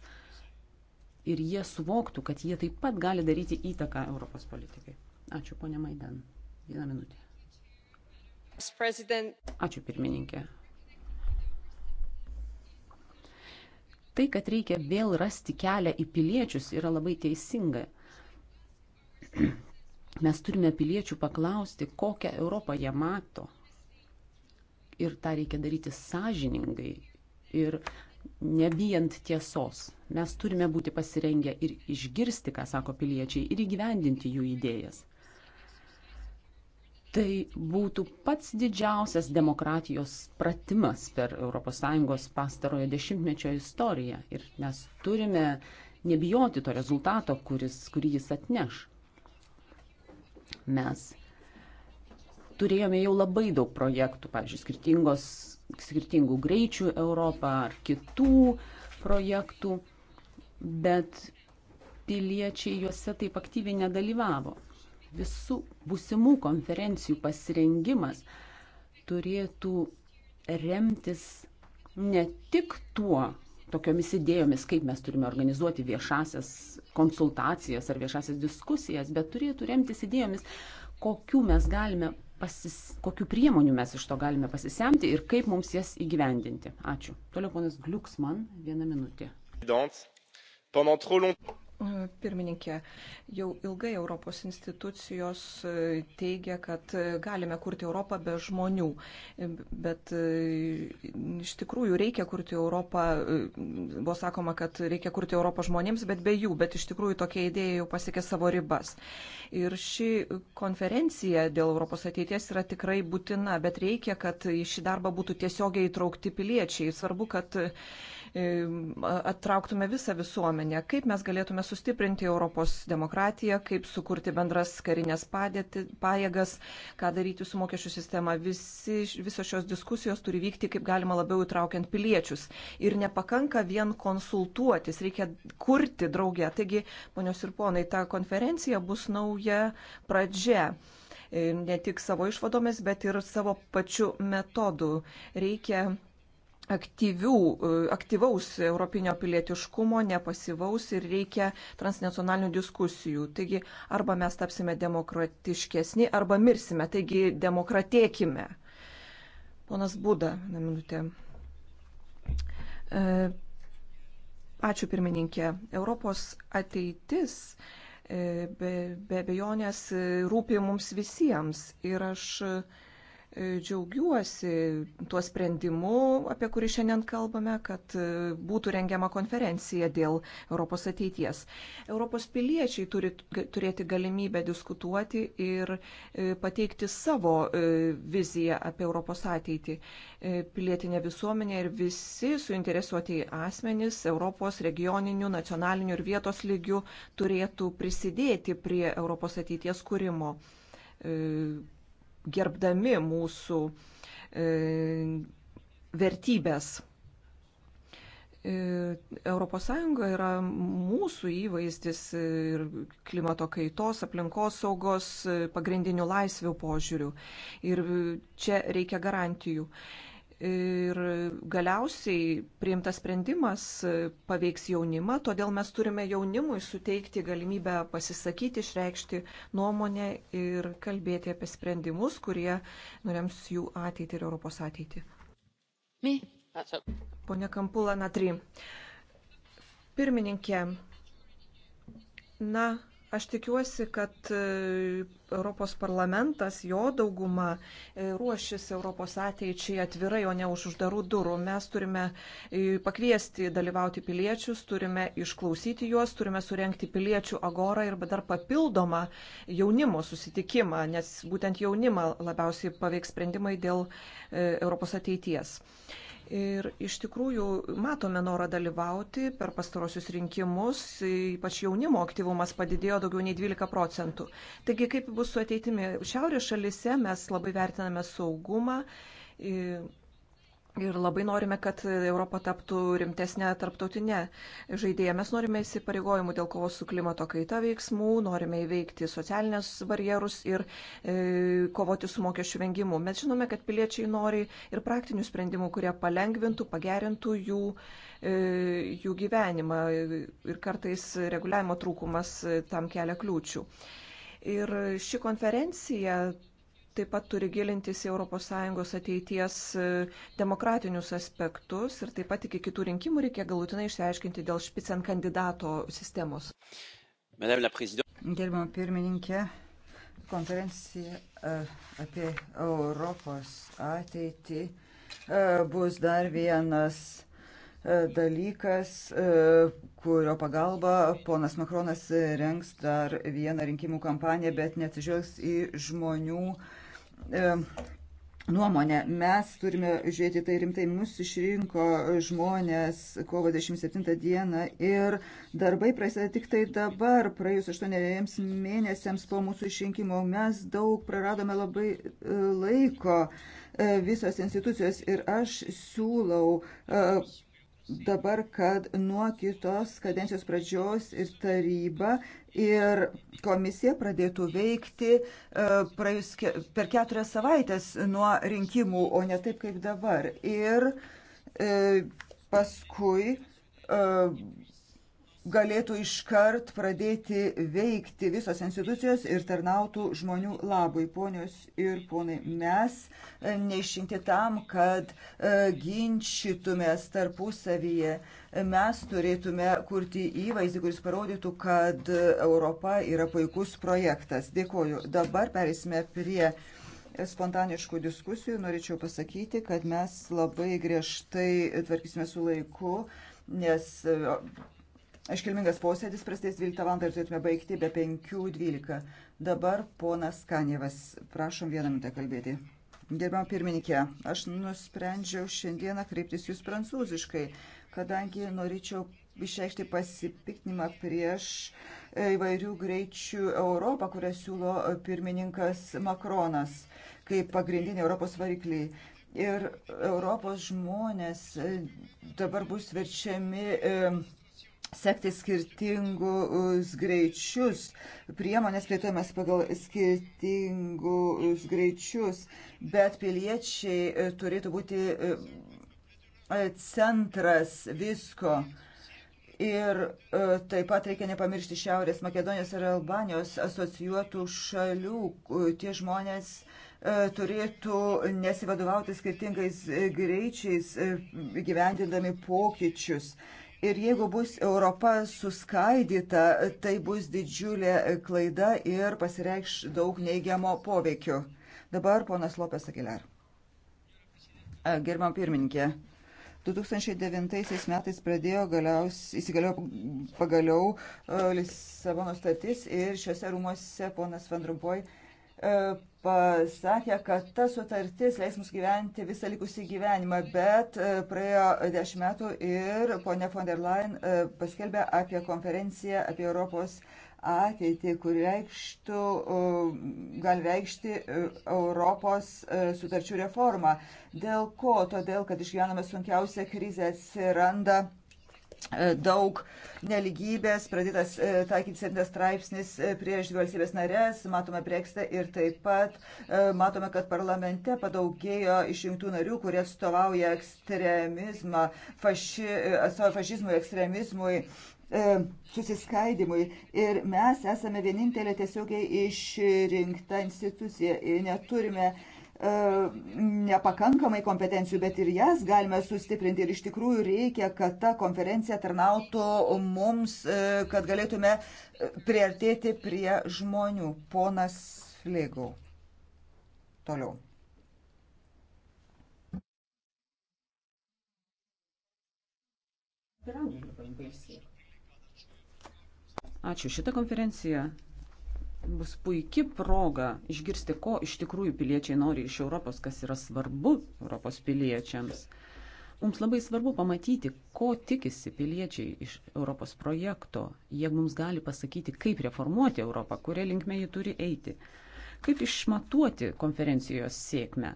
ir jie suvoktų, kad jie taip pat gali daryti įtaką Europos politikai. Ačiū, ponė Maidan. Vieną minutę. Ačiū, pirmininkė. Tai, kad reikia vėl rasti kelią į piliečius, yra labai teisinga. Mes turime piliečių paklausti, kokią Europą jie mato. Ir tą reikia daryti sąžiningai ir nebijant tiesos. Mes turime būti pasirengę ir išgirsti, ką sako piliečiai, ir įgyvendinti jų idėjas. Tai būtų pats didžiausias demokratijos pratimas per ES pastarojo dešimtmečio istoriją. Ir mes turime nebijoti to rezultato, kuris, kurį jis atneš. Mes turėjome jau labai daug projektų, pavyzdžiui, skirtingų greičių Europą ar kitų projektų, bet piliečiai juose taip aktyviai nedalyvavo visų būsimų konferencijų pasirengimas turėtų remtis ne tik tuo, tokiomis idėjomis, kaip mes turime organizuoti viešasias konsultacijas ar viešasias diskusijas, bet turėtų remtis idėjomis, kokiu mes galime pasis, kokiu priemonių mes iš to galime pasisemti ir kaip mums jas įgyvendinti. Ačiū. Toliau ponas Gliuksman, vieną minutę. Pendant trop longtemps. Pirmininkė, jau ilgai Europos institucijos e, teigia, kad e, galime kurti Europą be žmonių, e, bet iš tikrųjų reikia kurti Europą, buvo sakoma, kad reikia kurti Europą žmonėms, bet be jų, bet iš tikrųjų tokia idėja jau pasiekė savo ribas. Ir ši konferencija dėl Europos ateities yra tikrai būtina, bet reikia, kad į šį darbą būtų tiesiogiai įtraukti piliečiai. Svarbu, kad E, attrauktume visą visuomenę, kaip mes galėtume sustiprinti Europos demokratiją, kaip sukurti bendras karinės padėti, pajėgas, ką daryti su mokesčių sistema. Visi, visos šios diskusijos turi vykti kaip galima labiau įtraukiant piliečius. Ir nepakanka vien konsultuotis, reikia kurti draugę. Taigi, ponios ir ponai, ta konferencija bus nauja pradžia e, ne tik savo išvadomis, bet ir savo pačiu metodu. Reikia aktyvių, e, aktyvaus europinio pilietiškumo, nepasivaus ir reikia transnacionalinių diskusijų. Taigi arba mes tapsime demokratiškesni, arba mirsime. Taigi demokratėkime. Ponas Būda, na minutė. E, ačiū pirmininkė. Europos ateitis e, be, be bejonės rūpi mums visiems. Ir aš džiaugiuosi tuo sprendimu, apie kurį šiandien kalbame, kad būtų rengiama konferencija dėl Europos ateities. Europos piliečiai turi turėti galimybę diskutuoti ir e, pateikti savo e, viziją apie Europos ateitį. E, pilietinė visuomenė ir visi suinteresuotieji asmenys Europos regioninių, nacionalinių ir vietos lygių turėtų prisidėti prie Europos ateities kūrimo gerbdami mūsų e, vertybės. ES yra mūsų įvaizdis ir klimato kaitos, aplinkos saugos, e, pagrindinių laisvių požiūrių. Ir čia reikia garantijų. Ir galiausiai priimtas sprendimas paveiks jaunimą, todėl mes turime jaunimui suteikti galimybę pasisakyti, išreikšti nuomonę ir kalbėti apie sprendimus, kurie nurems jų ateitį ir Europos ateitį. Pone Kampula Natry. Pirmininkė, na, Aš tikiuosi, kad e, Europos parlamentas, jo dauguma e, ruošis Europos ateičiai atvirai, o ne už uždarų durų. Mes turime e, pakviesti dalyvauti piliečius, turime išklausyti juos, turime surenkti piliečių agorą ir dar papildomą jaunimo susitikimą, nes būtent jaunimą labiausiai paveiks sprendimai dėl Europos ateities. Ir iš tikrųjų matome norą dalyvauti per pastarosius rinkimus, ypač jaunimo aktyvumas padidėjo daugiau nei 12 procentų. Taigi kaip bus su ateitimi? Šiaurės šalise mes labai vertiname saugumą. Ir Ir labai norime, kad Europa taptų rimtesnė tarptautinė žaidėja. Mes norime įsipareigojimų dėl kovos su klimato kaita veiksmų, norime įveikti socialinės barjerus ir e, kovoti su mokesčių vengimu. Mes žinome, kad piliečiai nori ir praktinių sprendimų, kurie palengvintų, pagerintų jų, e, jų gyvenimą. Ir kartais reguliavimo trūkumas tam kelia kliūčių. Ir ši konferencija taip pat turi gilintis į ES ateities e, demokratinius aspektus ir taip pat iki kitų rinkimų reikia galutinai išsiaiškinti dėl špicen kandidato sistemos. Gerbimo pirmininkė, konferencija e, apie Europos ateitį e, bus dar vienas dalykas, kurio pagalba ponas Makronas rengs dar vieną rinkimų kampaniją, bet neatsižvelgs į žmonių uh, E, nuomonę. Mes turime žiūrėti tai rimtai. Mūsų išrinko žmonės kovo 27 dieną ir darbai prasideda tik tai dabar, praėjus 8 mėnesiams po mūsų išrinkimo. Mes daug praradome labai e, laiko e, visos institucijos ir aš siūlau dabar, kad nuo kitos kadencijos pradžios ir taryba ir komisija pradėtų veikti e, praėjus per keturias savaitės nuo rinkimų, o ne taip kaip dabar. Ir e, paskui e, galėtų iškart pradėti veikti visos institucijos ir tarnautų žmonių labui. Ponios ir ponai, mes e, neišinti tam, kad e, ginčytumės tarpusavyje. Mes turėtume kurti įvaizdį, kuris parodytų, kad e, Europa yra puikus projektas. Dėkoju. Dabar perėsime prie spontaniškų diskusijų. Norėčiau pasakyti, kad mes labai griežtai tvarkysime su laiku, nes Iškilmingas posėdis prasidės 12 val. ir turėtume baigti be 5.12. Dabar ponas Kanievas, prašom vieną minutę kalbėti. Gerbiam pirmininkė, aš nusprendžiau šiandieną kreiptis jūs prancūziškai, kadangi norėčiau išreikšti pasipiktinimą prieš e, įvairių greičių Europą, kurią siūlo e, pirmininkas Makronas kaip pagrindinį Europos variklį ir Europos žmonės e, dabar bus verčiami sekti skirtingus greičius, priemonės plėtojamas pagal skirtingus greičius, bet piliečiai e, turėtų būti e, centras visko. Ir e, taip pat reikia nepamiršti Šiaurės Makedonijos ir Albanijos asocijuotų šalių. Tie žmonės turėtų nesivadovauti skirtingais greičiais gyvendindami pokyčius. Ir jeigu bus Europa suskaidyta, tai bus didžiulė klaida ir pasireikš daug neigiamo poveikio. Dabar ponas Lopes Agilar. Gerbiam pirmininkė. 2009 metais pradėjo galiaus, įsigalėjo pagaliau e, Lisabono statis ir šiuose rūmuose ponas Vandrumpoj uh, E, pasakė, kad ta sutartis leis mus gyventi visą likusį gyvenimą, bet e, praėjo dešimt metų ir ponia von der Leyen e, paskelbė apie konferenciją apie Europos ateitį, kuri reikštų, gali reikšti Europos sutarčių reformą. Dėl ko? Todėl, kad išgyvename sunkiausią krizę atsiranda E, daug neligybės, pradėtas e, taikyti septintas straipsnis e, prieš dvi valstybės narės, matome brekstą ir taip pat matome, kad parlamente padaugėjo išrinktų narių, kurie atstovauja ekstremizmą, faši, atstovauja fašizmui, ekstremizmui susiskaidimui ir mes esame vienintelė tiesiogiai išrinkta institucija ir neturime uh, E, nepakankamai kompetencijų, bet ir jas galime sustiprinti. Ir iš tikrųjų reikia, kad ta konferencija tarnautų mums, e, kad galėtume e, priartėti prie žmonių. Ponas Lygau. Toliau. Ačiū. Šitą konferenciją bus puikia proga išgirsti, ko iš tikrųjų piliečiai nori iš Europos, kas yra svarbu Europos piliečiams. Mums labai svarbu pamatyti, ko tikisi piliečiai iš Europos projekto. Jie mums gali pasakyti, kaip reformuoti Europą, kuria linkme ji turi eiti. Kaip išmatuoti konferencijos sėkmę.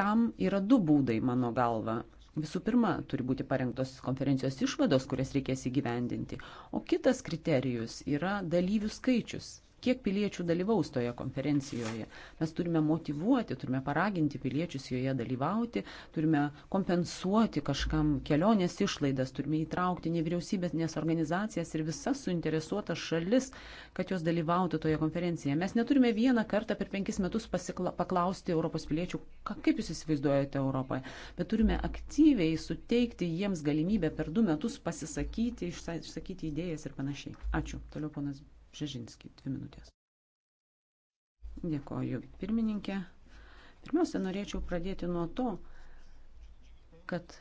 Tam yra du būdai, mano galva. Visų pirma, turi būti parengtos konferencijos išvados, kurias reikės įgyvendinti. O kitas kriterijus yra dalyvių skaičius kiek piliečių dalyvaus toje konferencijoje. Mes turime motivuoti, turime paraginti piliečius joje dalyvauti, turime kompensuoti kažkam kelionės išlaidas, turime įtraukti nevyriausybės organizacijas ir visas suinteresuotas šalis, kad jos dalyvautų toje konferencijoje. Mes neturime vieną kartą per penkis metus pasikla, paklausti Europos piliečių, kaip jūs įsivaizduojate Europoje, bet turime aktyviai suteikti jiems galimybę per du metus pasisakyti, išsakyti idėjas ir panašiai. Ačiū. Toliau ponas Žežinskį. Dvi minutės. Dėkoju, pirmininkė. Pirmiausia, norėčiau pradėti nuo to, kad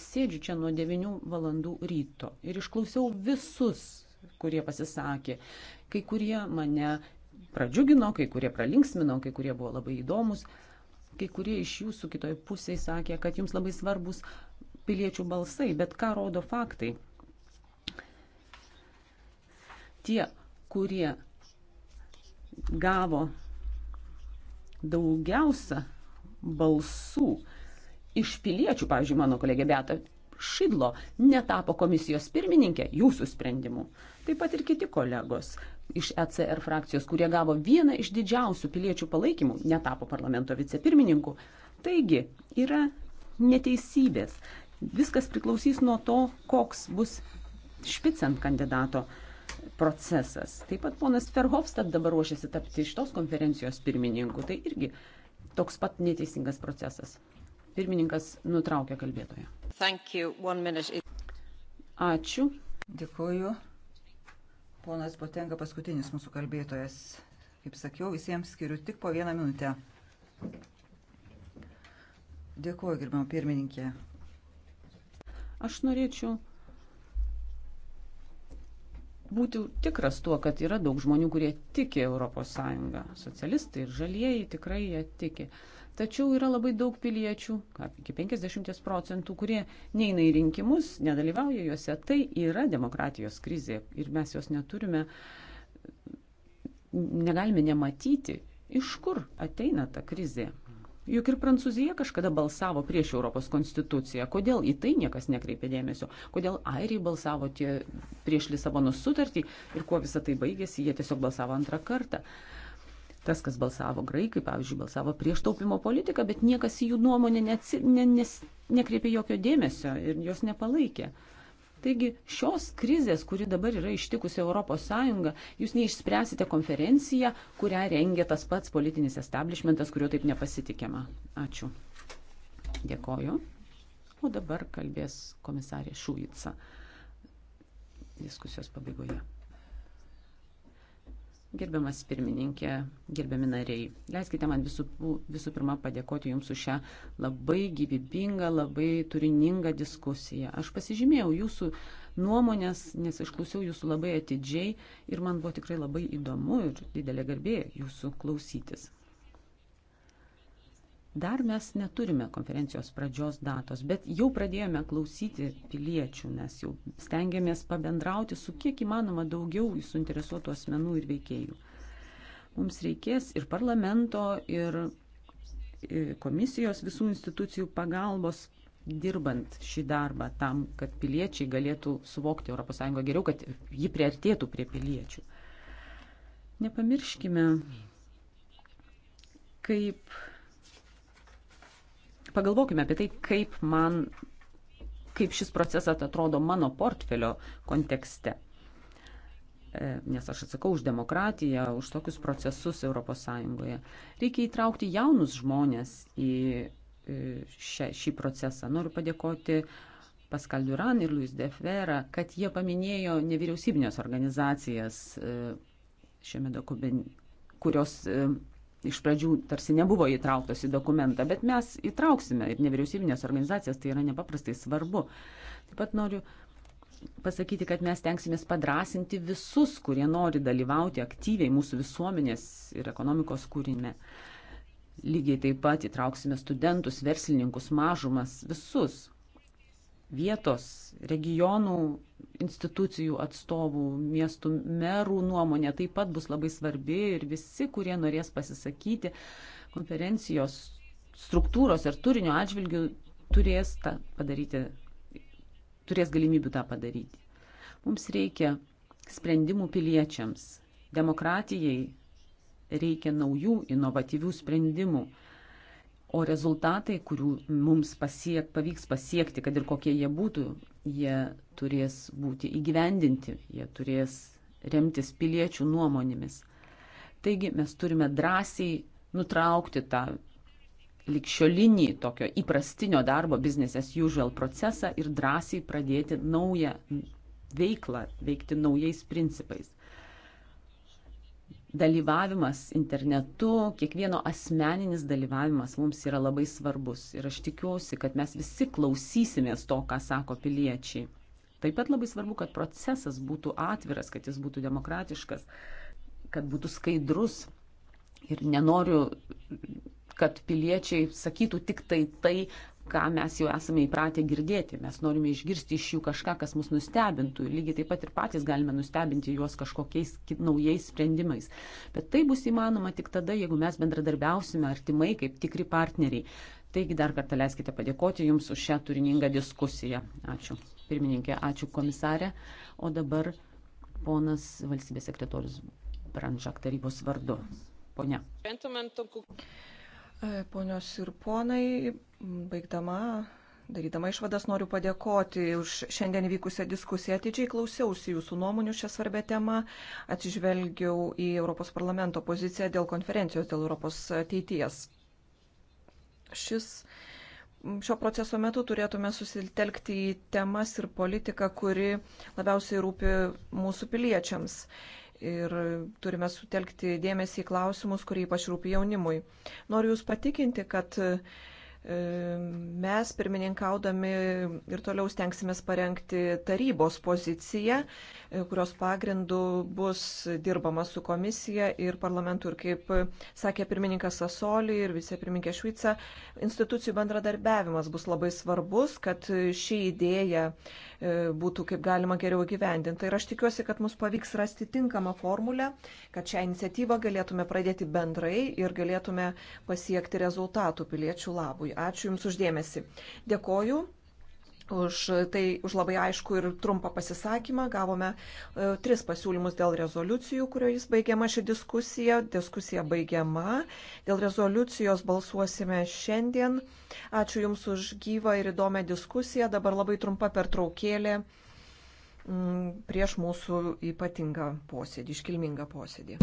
sėdžiu čia nuo 9 valandų ryto ir išklausiau visus, kurie pasisakė. Kai kurie mane pradžiugino, kai kurie pralinksmino, kai kurie buvo labai įdomus, kai kurie iš jūsų kitoj pusėje sakė, kad jums labai svarbus piliečių balsai, bet ką rodo faktai? tie, kurie gavo daugiausia balsų iš piliečių, pavyzdžiui, mano kolegė Beata Šidlo netapo komisijos pirmininkė jūsų sprendimu. Taip pat ir kiti kolegos iš ECR frakcijos, kurie gavo vieną iš didžiausių piliečių palaikymų, netapo parlamento vicepirmininku. Taigi yra neteisybės. Viskas priklausys nuo to, koks bus špicent kandidato procesas. Taip pat ponas Ferhofstad dabar ruošiasi tapti šitos konferencijos pirmininku. Tai irgi toks pat neteisingas procesas. Pirmininkas nutraukė kalbėtoją. Ačiū. Dėkuoju. Ponas Botenga paskutinis mūsų kalbėtojas. Kaip sakiau, visiems skiriu tik po vieną minutę. Dėkuoju, gerbiamo pirmininkė. Aš norėčiau būti tikras tuo, kad yra daug žmonių, kurie tiki ES. Socialistai ir žalieji tikrai jie tiki. Tačiau yra labai daug piliečių, iki 50 procentų, kurie neina į rinkimus, nedalyvauja juose. Tai yra demokratijos krizė ir mes jos neturime, negalime nematyti, iš kur ateina ta krizė. Juk ir Prancūzija kažkada balsavo prieš Europos konstituciją. Kodėl į tai niekas nekreipė dėmesio? Kodėl airiai balsavo tie prieš Lisabono sutartį ir kuo visą tai baigėsi, jie tiesiog balsavo antrą kartą. Tas, kas balsavo graikai, pavyzdžiui, balsavo prieš taupimo politiką, bet niekas į jų nuomonę neatsi, ne, nes, nekreipė jokio dėmesio ir jos nepalaikė. Uh, Taigi šios krizės, kuri dabar yra ištikusi ES, jūs neišspręsite konferenciją, kurią rengia tas pats politinis establishmentas, kuriuo taip nepasitikėma. Ačiū. Dėkoju. O dabar kalbės komisarė Šuica diskusijos pabaigoje. Gerbiamas pirmininkė, gerbiami nariai, leiskite man visų, visų pirma padėkoti Jums už šią labai gyvybingą, labai turiningą diskusiją. Aš pasižymėjau Jūsų nuomonės, nes išklausiau Jūsų labai atidžiai ir man buvo tikrai labai įdomu ir didelė garbė Jūsų klausytis. Dar mes neturime konferencijos pradžios datos, bet jau pradėjome klausyti piliečių, mes jau stengiamės pabendrauti su kiek įmanoma daugiau suinteresuotų asmenų ir veikėjų. Mums reikės ir parlamento, ir komisijos visų institucijų pagalbos dirbant šį darbą tam, kad piliečiai galėtų suvokti ES geriau, kad ji priartėtų prie piliečių. Nepamirškime, kaip Pagalvokime apie tai, kaip man, kaip šis procesas atrodo mano portfelio kontekste. E, nes aš atsakau už demokratiją, už tokius procesus ES. Reikia įtraukti jaunus žmonės į e, šią, šį procesą. Noriu padėkoti Paskal Duran ir Luis de Fera, kad jie paminėjo nevyriausybinės organizacijas e, šiame dokumente, kurios iš pradžių tarsi nebuvo įtrauktos į dokumentą, bet mes įtrauksime ir nevyriausybinės organizacijas, tai yra nepaprastai svarbu. Taip pat noriu pasakyti, kad mes tenksimės padrasinti visus, kurie nori dalyvauti aktyviai mūsų visuomenės ir ekonomikos kūrime. Lygiai taip pat įtrauksime studentus, verslininkus, mažumas, visus vietos, regionų institucijų atstovų, miestų merų nuomonė taip pat bus labai svarbi ir visi, kurie norės pasisakyti konferencijos struktūros ir turinio atžvilgių, turės, padaryti, turės galimybių tą padaryti. Mums reikia sprendimų piliečiams, demokratijai reikia naujų inovatyvių sprendimų O rezultatai, kurių mums pasiek, pavyks pasiekti, kad ir kokie jie būtų, jie turės būti įgyvendinti, jie turės remtis piliečių nuomonėmis. Taigi mes turime drąsiai nutraukti tą likščiolinį tokio įprastinio darbo business as usual procesą ir drąsiai pradėti naują veiklą, veikti naujais principais dalyvavimas internetu, kiekvieno asmeninis dalyvavimas mums yra labai svarbus. Ir aš tikiuosi, kad mes visi klausysimės to, ką sako piliečiai. Taip pat labai svarbu, kad procesas būtų atviras, kad jis būtų demokratiškas, kad būtų skaidrus. Ir nenoriu kad piliečiai sakytų tik tai tai, ką mes jau esame įpratę girdėti. Mes norime išgirsti iš jų kažką, kas mus nustebintų. Lygiai taip pat ir patys galime nustebinti juos kažkokiais naujais sprendimais. Bet tai bus įmanoma tik tada, jeigu mes bendradarbiausime artimai kaip tikri partneriai. Taigi dar kartą leiskite padėkoti Jums už šią turiningą diskusiją. Ačiū. Pirmininkė, ačiū komisarė. O dabar ponas valstybės sekretorius Branžak tarybos vardu. Pone. E, ponios ir ponai, baigdama, darydama išvadas, noriu padėkoti už šiandien vykusią diskusiją. Atidžiai klausiausi jūsų nuomonių šią svarbę temą, atsižvelgiau į Europos parlamento poziciją dėl konferencijos dėl Europos ateities. Šis šio proceso metu turėtume susitelkti į temas ir politiką, kuri labiausiai rūpi mūsų piliečiams ir turime sutelkti dėmesį į klausimus, kurie ypač rūpi jaunimui. Noriu Jūs patikinti, kad e, mes pirmininkaudami ir toliau stengsimės parengti tarybos poziciją, e, kurios pagrindu bus dirbama su komisija ir parlamentu. Ir kaip sakė pirmininkas Sasoli ir vicepirmininkė Švica, institucijų bendradarbiavimas bus labai svarbus, kad ši idėja uh, E, būtų kaip galima geriau gyvendinta. Ir aš tikiuosi, kad mums pavyks rasti tinkamą formulę, kad šią iniciatyvą galėtume pradėti bendrai ir galėtume pasiekti rezultatų piliečių labui. Ačiū Jums uždėmesi. Dėkoju už tai, už labai aišku ir trumpą pasisakymą. Gavome e, tris pasiūlymus dėl rezoliucijų, kurioje baigiama ši diskusija. Diskusija baigiama. Dėl rezoliucijos balsuosime šiandien. Ačiū Jums už gyvą ir įdomią diskusiją. Dabar labai trumpa pertraukėlė m, mm, prieš mūsų ypatingą posėdį, iškilmingą posėdį.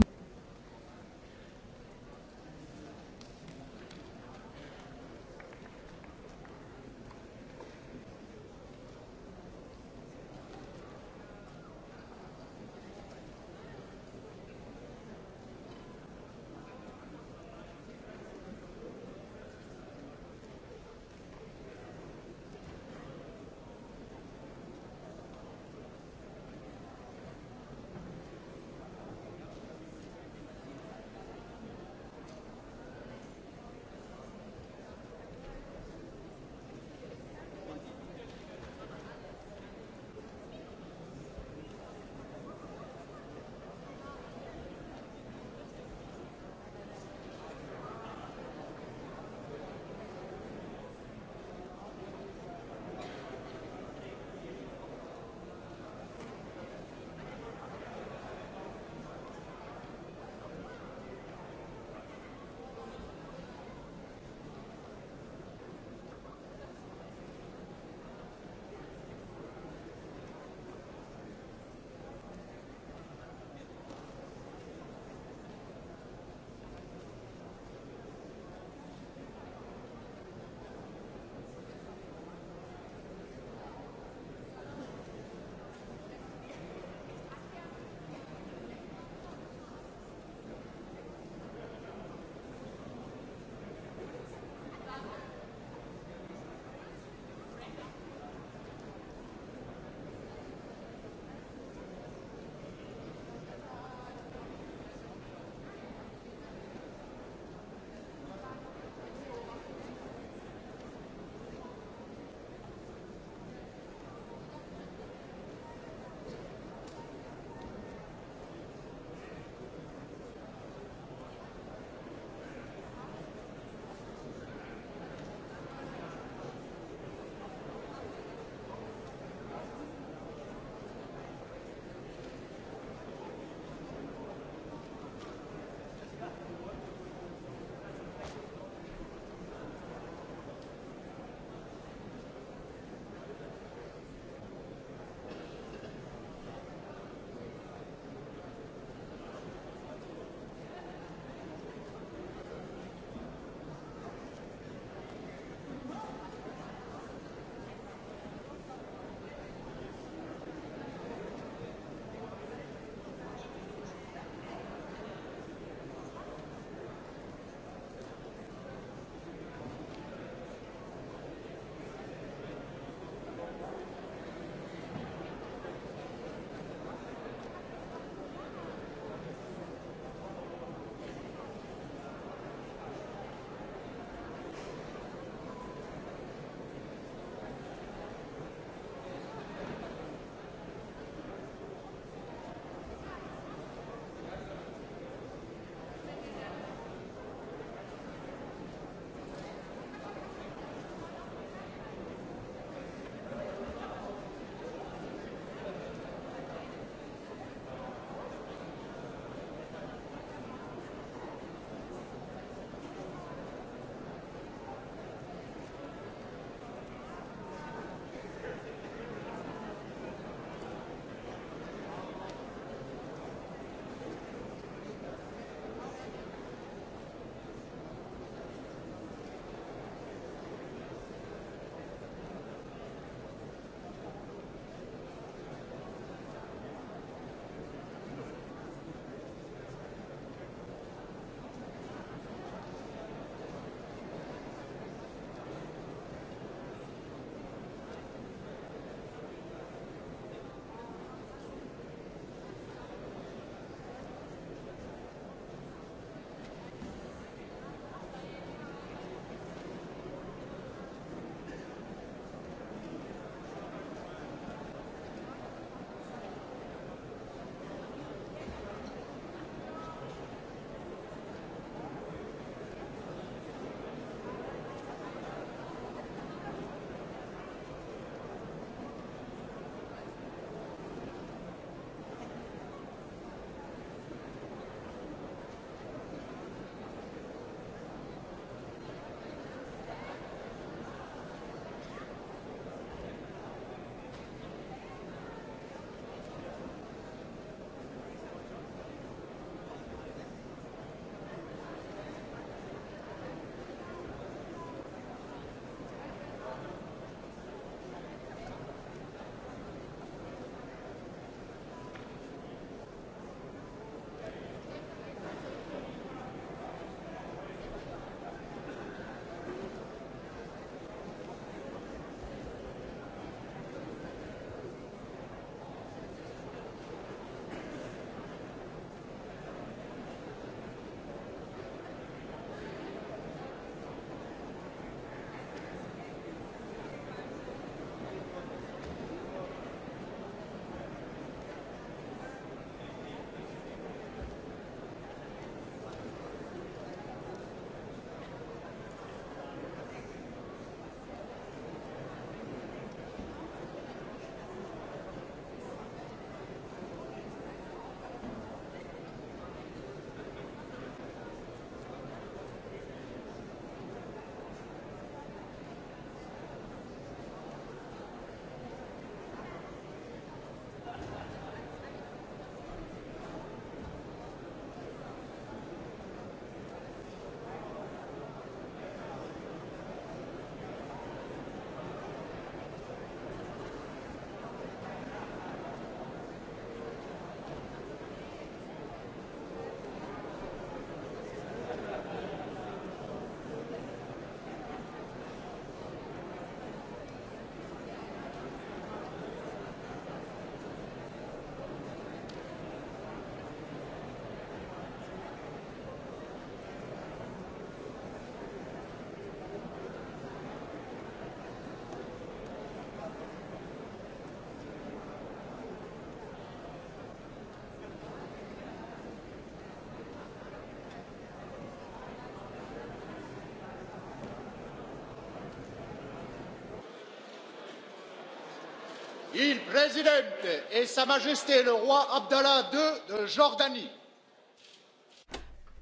il Presidente et Sa Majesté le roi Abdallah II de Jordanie.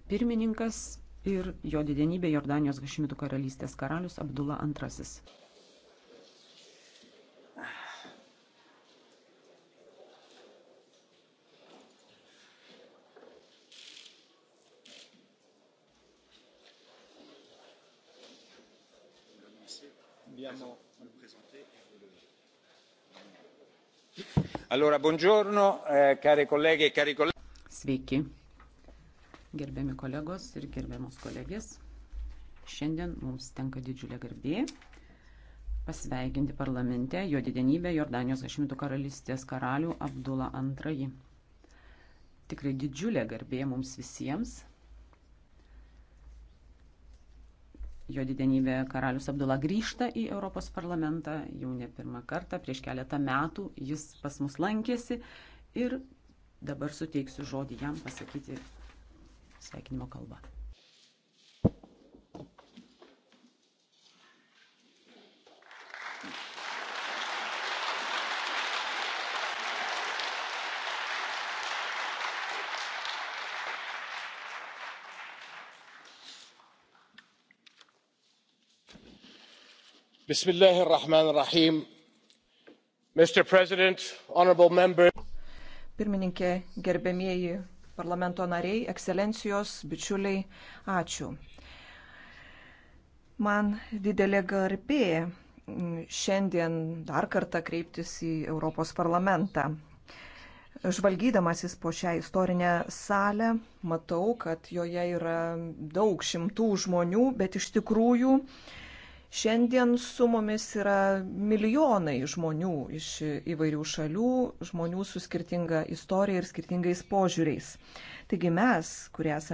Pirmininkas ir jo didenybė Jordanijos Hašimitų karalystės karalius Abdullah II. Abbiamo Allora, buongiorno, eh, care kolegė, e cari kolegė. Sveiki, gerbiami kolegos ir gerbiamos kolegės. Šiandien mums tenka didžiulė garbė pasveikinti parlamente jo didenybę Jordanijos Ašmitų karalystės karalių Abdulą II. Tikrai didžiulė garbė mums visiems Jo didenybė karalius Abdula grįžta į Europos parlamentą jau ne pirmą kartą, prieš keletą metų jis pas mus lankėsi ir dabar suteiksiu žodį jam pasakyti sveikinimo kalbą. Pirmininkė, gerbėmieji parlamento nariai, ekscelencijos, bičiuliai, ačiū. Man didelė garbė mm, šiandien dar kartą kreiptis į Europos parlamentą. Žvalgydamasis po šią istorinę salę, matau, kad joje yra daug šimtų žmonių, bet iš tikrųjų uh, Šiandien su mumis yra milijonai žmonių iš įvairių šalių, žmonių su skirtinga istorija ir skirtingais požiūriais. Taigi mes, kurie esame